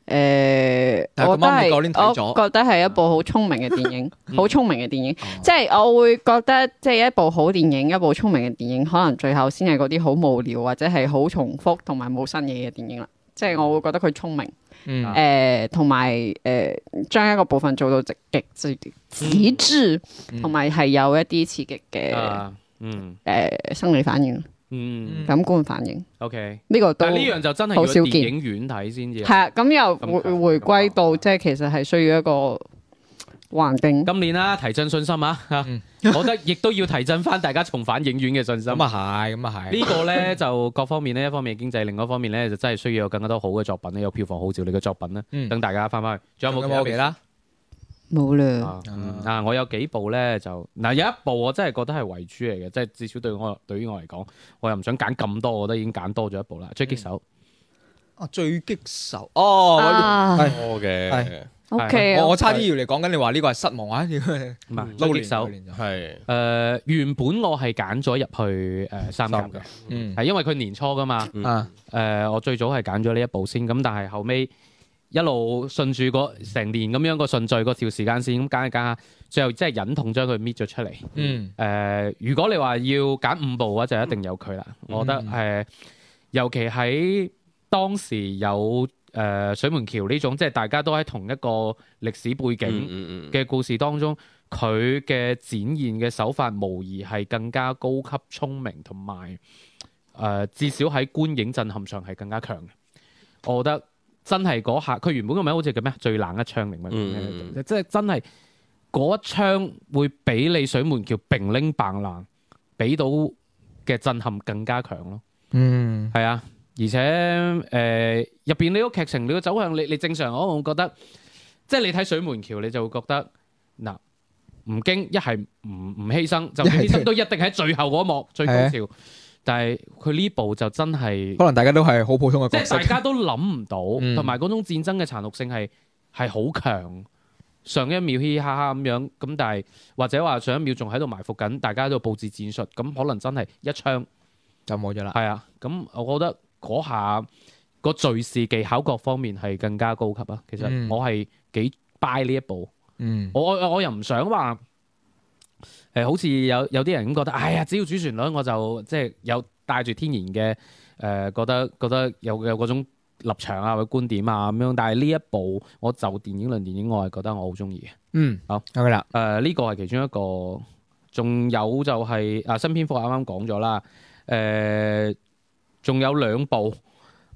呃、是我都係，我覺得係一部好聰明嘅電影，好聰 明嘅電影。嗯、即係我會覺得，即係一部好電影，一部聰明嘅電影，可能最後先係嗰啲好無聊或者係好重複，同埋冇新嘢嘅電影啦。即係我會覺得佢聰明，誒、嗯，同埋誒，將、呃、一個部分做到直極至極致，同埋係有一啲刺激嘅。嗯嗯嗯，誒，生理反應，嗯，嗯感官反應，OK，呢個都，但呢樣就真係好少電影院睇先至，係啊，咁又回回歸到即係、嗯、其實係需要一個環境。今年啦，提振信心啊，吓， 我覺得亦都要提振翻大家重返影院嘅信心。咁啊係，咁啊係，呢個咧就各方面咧，一方面經濟，另外一方面咧就真係需要有更加多好嘅作品咧，有票房號召力嘅作品咧，嗯、等大家翻翻去。仲有冇其他？ 冇啦啊,、嗯、啊！我有幾部咧就嗱、啊，有一部我真係覺得係遺珠嚟嘅，即、就、係、是、至少對我對於我嚟講，我又唔想揀咁多，我都已經揀多咗一部啦。狙擊手、嗯、啊，狙擊手哦，多嘅，OK 我差啲要嚟講緊，你話呢個係失望啊，要唔啊？狙擊手係誒是、呃，原本我係揀咗入去誒、呃、三甲嘅，嗯，係因為佢年初噶嘛啊，我、嗯嗯呃呃、最早係揀咗呢一部先，咁但係後尾。一路順住個成年咁樣個順序個條時間線咁揀一揀下，最後即係忍痛將佢搣咗出嚟。嗯，誒、呃，如果你話要揀五部嘅話，就一定有佢啦。嗯、我覺得誒、呃，尤其喺當時有誒、呃、水門橋呢種，即係大家都喺同一個歷史背景嘅故事當中，佢嘅、嗯嗯嗯、展現嘅手法，無疑係更加高級聰明，同埋誒至少喺觀影震撼上係更加強嘅。我覺得。真係嗰下，佢原本個名好似叫咩？最冷一槍定乜嘢，嗯、即係真係嗰一槍會比你水門橋平拎崩爛，俾到嘅震撼更加強咯。嗯，係啊。而且誒入邊你個劇情，你嘅走向，你你正常我覺得，即係你睇水門橋，你就會覺得嗱，吳京一係唔唔犧牲，就犧牲都一定喺最後嗰幕要最高潮。但係佢呢部就真係，可能大家都係好普通嘅角色，即大家都諗唔到，同埋嗰種戰爭嘅殘酷性係係好強。上一秒嘻嘻哈哈咁樣，咁但係或者話上一秒仲喺度埋伏緊，大家都佈置戰術，咁可能真係一槍就冇咗啦。係啊，咁我覺得嗰下個敘事技巧各方面係更加高級啊。其實我係幾 buy 呢一部，嗯、我我我又唔想話。誒，好似有有啲人咁覺得，哎呀，只要主旋律，我就即係有帶住天然嘅誒、呃，覺得覺得有有嗰種立場啊，或者觀點啊咁樣。但係呢一部，我就電影論電影，我係覺得我好中意嘅。嗯，好，OK 啦？誒，呢、呃這個係其中一個，仲有就係、是、啊，新蝙蝠俠剛剛，啱啱講咗啦。誒，仲有兩部，誒、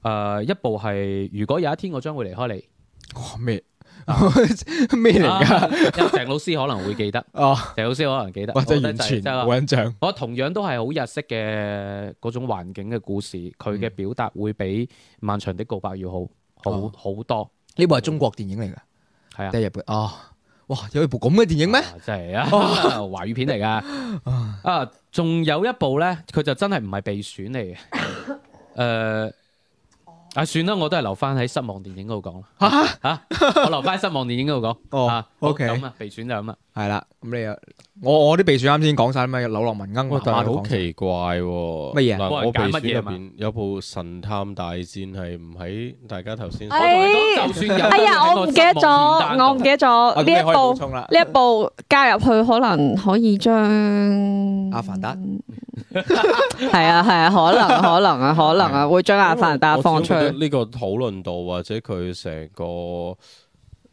呃，一部係如果有一天我將會離開你。咩？咩嚟噶？阿鄭老師可能會記得，哦，鄭老師可能會記得，或者完全冇印象。我同樣都係好日式嘅嗰種環境嘅故事，佢嘅表達會比《漫長的告白》要好好好多。呢部係中國電影嚟噶，係啊，喺日本。哦，哇，有一部咁嘅電影咩？就係啊，華語片嚟噶。啊，仲有一部咧，佢就真係唔係被選嚟嘅。誒。啊，算啦，我都係留翻喺失望電影嗰度講啦。吓吓，我留翻失望電影嗰度講。哦，O K。咁啊，備選就咁啦。係啦，咁你又，我我啲備選啱先講晒咩？柳浪聞鶯，但係好奇怪，乜嘢？嗱，我備選入邊有部《神探大戰》，係唔喺大家頭先。誒，就算有，哎呀，我唔記得咗，我唔記得咗呢一部。呢一部加入去，可能可以將《阿凡達》。係 啊，係啊，可能，可能啊，可能啊，可能啊 啊會將阿凡達放出呢個討論度，或者佢成個誒、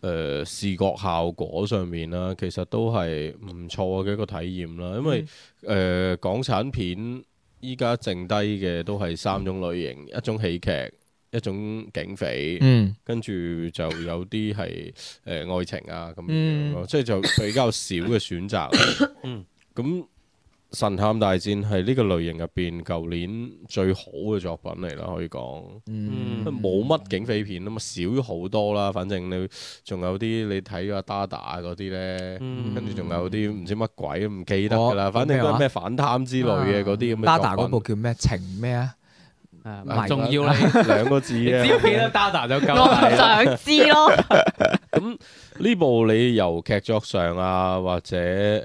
呃、視覺效果上面啦，其實都係唔錯嘅一個體驗啦。因為誒、呃、港產片依家剩低嘅都係三種類型，嗯、一種喜劇，一種警匪，嗯，跟住就有啲係誒愛情啊咁，樣，嗯嗯、即係就比較少嘅選擇，咁、嗯。嗯嗯神探大戰係呢個類型入邊舊年最好嘅作品嚟啦，可以講，冇乜、嗯嗯、警匪片啊嘛，少咗好多啦。反正你仲有啲你睇阿 Dada 嗰啲咧，嗯、跟住仲有啲唔知乜鬼唔記得噶啦。哦、反正都咩反貪之類嘅嗰啲咁。Dada 嗰部叫咩情咩啊？誒，呃、唔係重要啦，兩 個字嘅，知幾多 data 就夠。我想知咯。咁呢部你由劇作上啊，或者誒誒、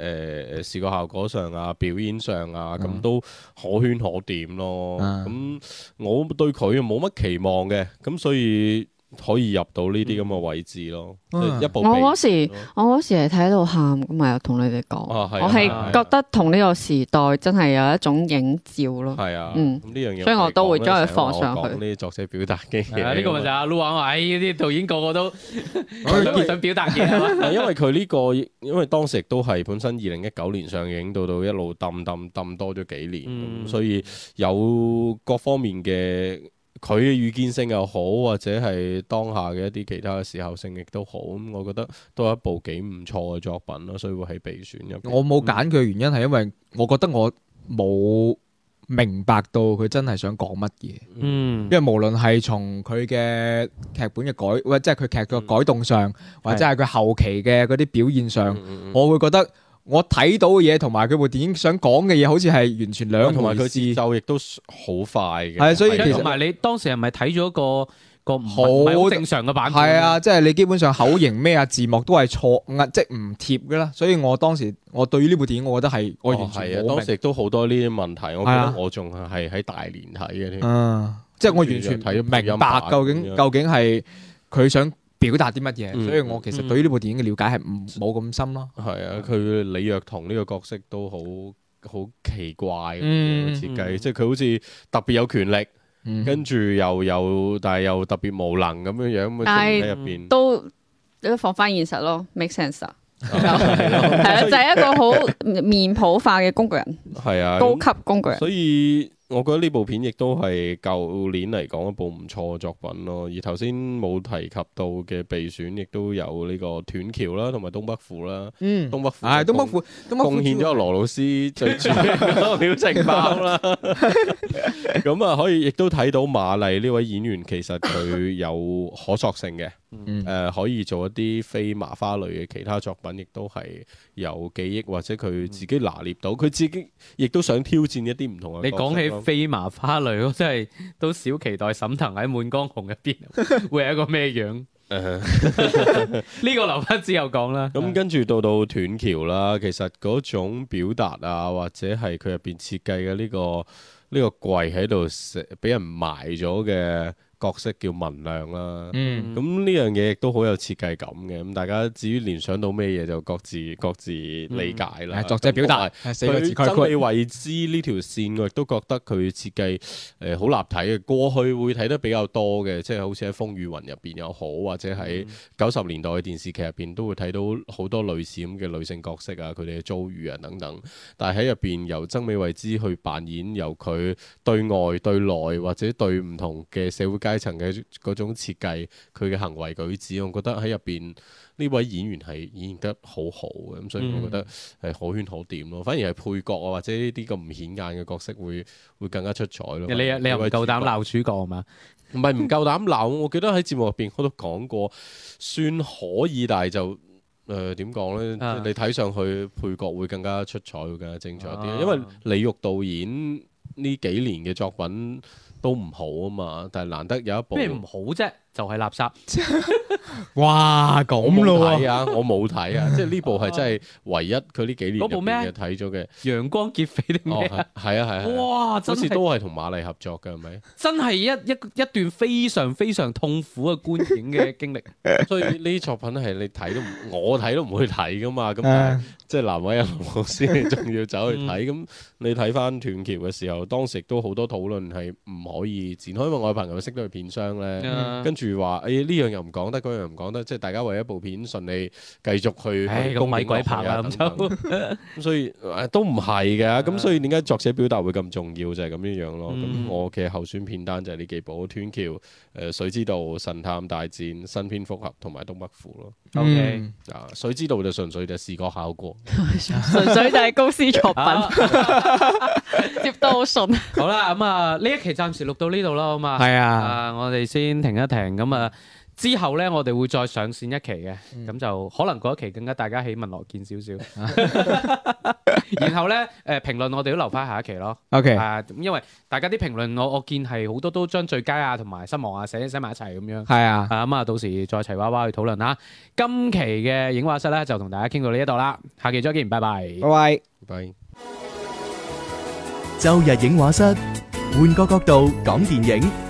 呃、視覺效果上啊，表演上啊，咁都可圈可點咯。咁、嗯、我對佢冇乜期望嘅，咁所以。可以入到呢啲咁嘅位置咯，嗯、一部。我嗰時，我嗰時係睇到喊咁啊，同你哋講，我係覺得同呢個時代真係有一種影照咯。係啊，嗯，呢樣嘢，所以我都會將佢放上去。呢啲作者表達嘅呢、啊呢個咪就係阿 Lu 話，呢、哎、啲導演個個都想表達嘅。因為佢呢嗎、 呢個，因為當時亦都係本身二零一九年上映，到到一路揼揼揼多咗幾年，嗯、所以有各方面嘅。佢嘅預見性又好，或者係當下嘅一啲其他嘅時候性亦都好，咁我覺得都有一部幾唔錯嘅作品咯，所以會喺備選入面。我冇揀佢嘅原因係因為我覺得我冇明白到佢真係想講乜嘢，嗯，因為無論係從佢嘅劇本嘅改，或者係佢劇嘅改動上，嗯、或者係佢後期嘅嗰啲表現上，嗯嗯、我會覺得。我睇到嘅嘢同埋佢部電影想講嘅嘢，好似係完全兩樣，同埋佢節奏亦都好快嘅。係，所以同埋你當時係咪睇咗個一個好正常嘅版？係啊，即係你基本上口型咩啊，字幕都係錯，即係唔貼噶啦。所以我當時我對於呢部電影，我覺得係我完全唔明。係啊，當時亦都好多呢啲問題，我覺得我仲係喺大連睇嘅啲。即係我完全睇明白究竟、嗯、究竟係佢想表達啲乜嘢，所以我其實對於呢部電影嘅了解係冇咁深咯。係啊，佢李若彤呢個角色都好好奇怪嘅設計，即係佢好似特別有權力，跟住又有，但係又特別無能咁樣樣咁啊，喺入邊都放翻現實咯，make sense 啊，係啊，就係一個好面譜化嘅工具人，係啊，高級工具人，所以。我覺得呢部片亦都係舊年嚟講一部唔錯嘅作品咯，而頭先冇提及到嘅備選，亦都有呢個斷橋啦，同埋東北虎啦，東北虎，貢獻咗羅老師最主要個表情包啦，咁啊 可以亦都睇到馬麗呢位演員其實佢有可塑性嘅。誒、嗯呃、可以做一啲非麻花類嘅其他作品，亦都係有記憶或者佢自己拿捏到，佢自己亦都想挑戰一啲唔同嘅。你講起非麻花類，我真係都少期待沈騰喺《滿江紅》入邊會係一個咩樣呢？ 個留翻之後講啦。咁、 嗯嗯嗯、跟住到到斷橋啦，其實嗰種表達啊，或者係佢入邊設計嘅呢、呢個呢、呢個櫃喺度，俾人埋咗嘅。角色叫文亮啦，嗯，咁呢樣嘢亦都好有設計感嘅。咁大家至於聯想到咩嘢就各自各自理解啦。嗯、作者表達。即係佢曾她美慧孜呢條線，我亦都覺得佢設計誒好立體嘅。過去會睇得比較多嘅，即係好似喺《風雨雲》入邊又好，或者喺九十年代嘅電視劇入邊都會睇到好多類似咁嘅女性角色啊，佢哋嘅遭遇啊等等。但係喺入邊由曾美慧孜去扮演，由佢對外對內或者對唔同嘅社會。階層嘅嗰種設計，佢嘅行為舉止，我覺得喺入邊呢位演員係演得好好嘅，咁所以我覺得係可圈可點咯。嗯、反而係配角啊，或者呢啲咁唔顯眼嘅角色會會更加出彩咯。你你又夠膽鬧主角係嘛？唔係唔夠膽鬧？我記得喺節目入邊我都講過， 算可以，但係就誒點講咧？呃呢啊、你睇上去配角會更加出彩會更加精彩啲，啊、因為李玉導演呢幾年嘅作品。都唔好啊嘛，但係難得有一部。咩唔好啫？就係垃圾！ 哇，咁咯，係啊，我冇睇啊， 即係呢部係真係唯一佢呢幾年部咩睇咗嘅《陽光劫匪》定咩、哦？係啊係啊！哇，好似都係同馬麗合作嘅，係咪？真係一一一段非常非常痛苦嘅觀影嘅經歷， 所以呢啲作品係你睇都我睇都唔會睇噶嘛。咁、就是、 即係難為啊，老師仲要走去睇。咁、 嗯嗯、你睇翻斷橋嘅時候，當時都好多討論係唔可以展開，因為我朋友識得個片商咧，嗯、跟住。譬如話誒呢樣又唔講得，嗰樣唔講得，即係大家為一部片順利繼續去，唉，鬼米鬼拍啊咁就，咁所以都唔係嘅，咁所以點解作者表達會咁重要就係咁樣樣咯。咁我嘅候選片單就係呢幾部《斷橋》、誒《水之道》、《神探大戰》、《新蝙蝠俠》同埋《東北虎》咯。O K，啊《水之道》就純粹就視覺效果，純粹就係高斯作品，接得好順。好啦，咁啊呢一期暫時錄到呢度啦，好嘛？係啊，我哋先停一停。咁啊，之後咧，我哋會再上線一期嘅，咁就可能嗰一期更加大家喜聞樂見少少。然後咧，誒，評論我哋都留翻喺下一期咯。OK，啊，因為大家啲評論，我我見係好多都將最佳啊同埋失望啊寫寫埋一齊咁樣。係啊，啊咁啊，到時再齊娃娃去討論啦。今期嘅影畫室咧就同大家傾到呢一度啦，下期再見，拜拜。拜拜。拜。周日影畫室，換個角度講電影。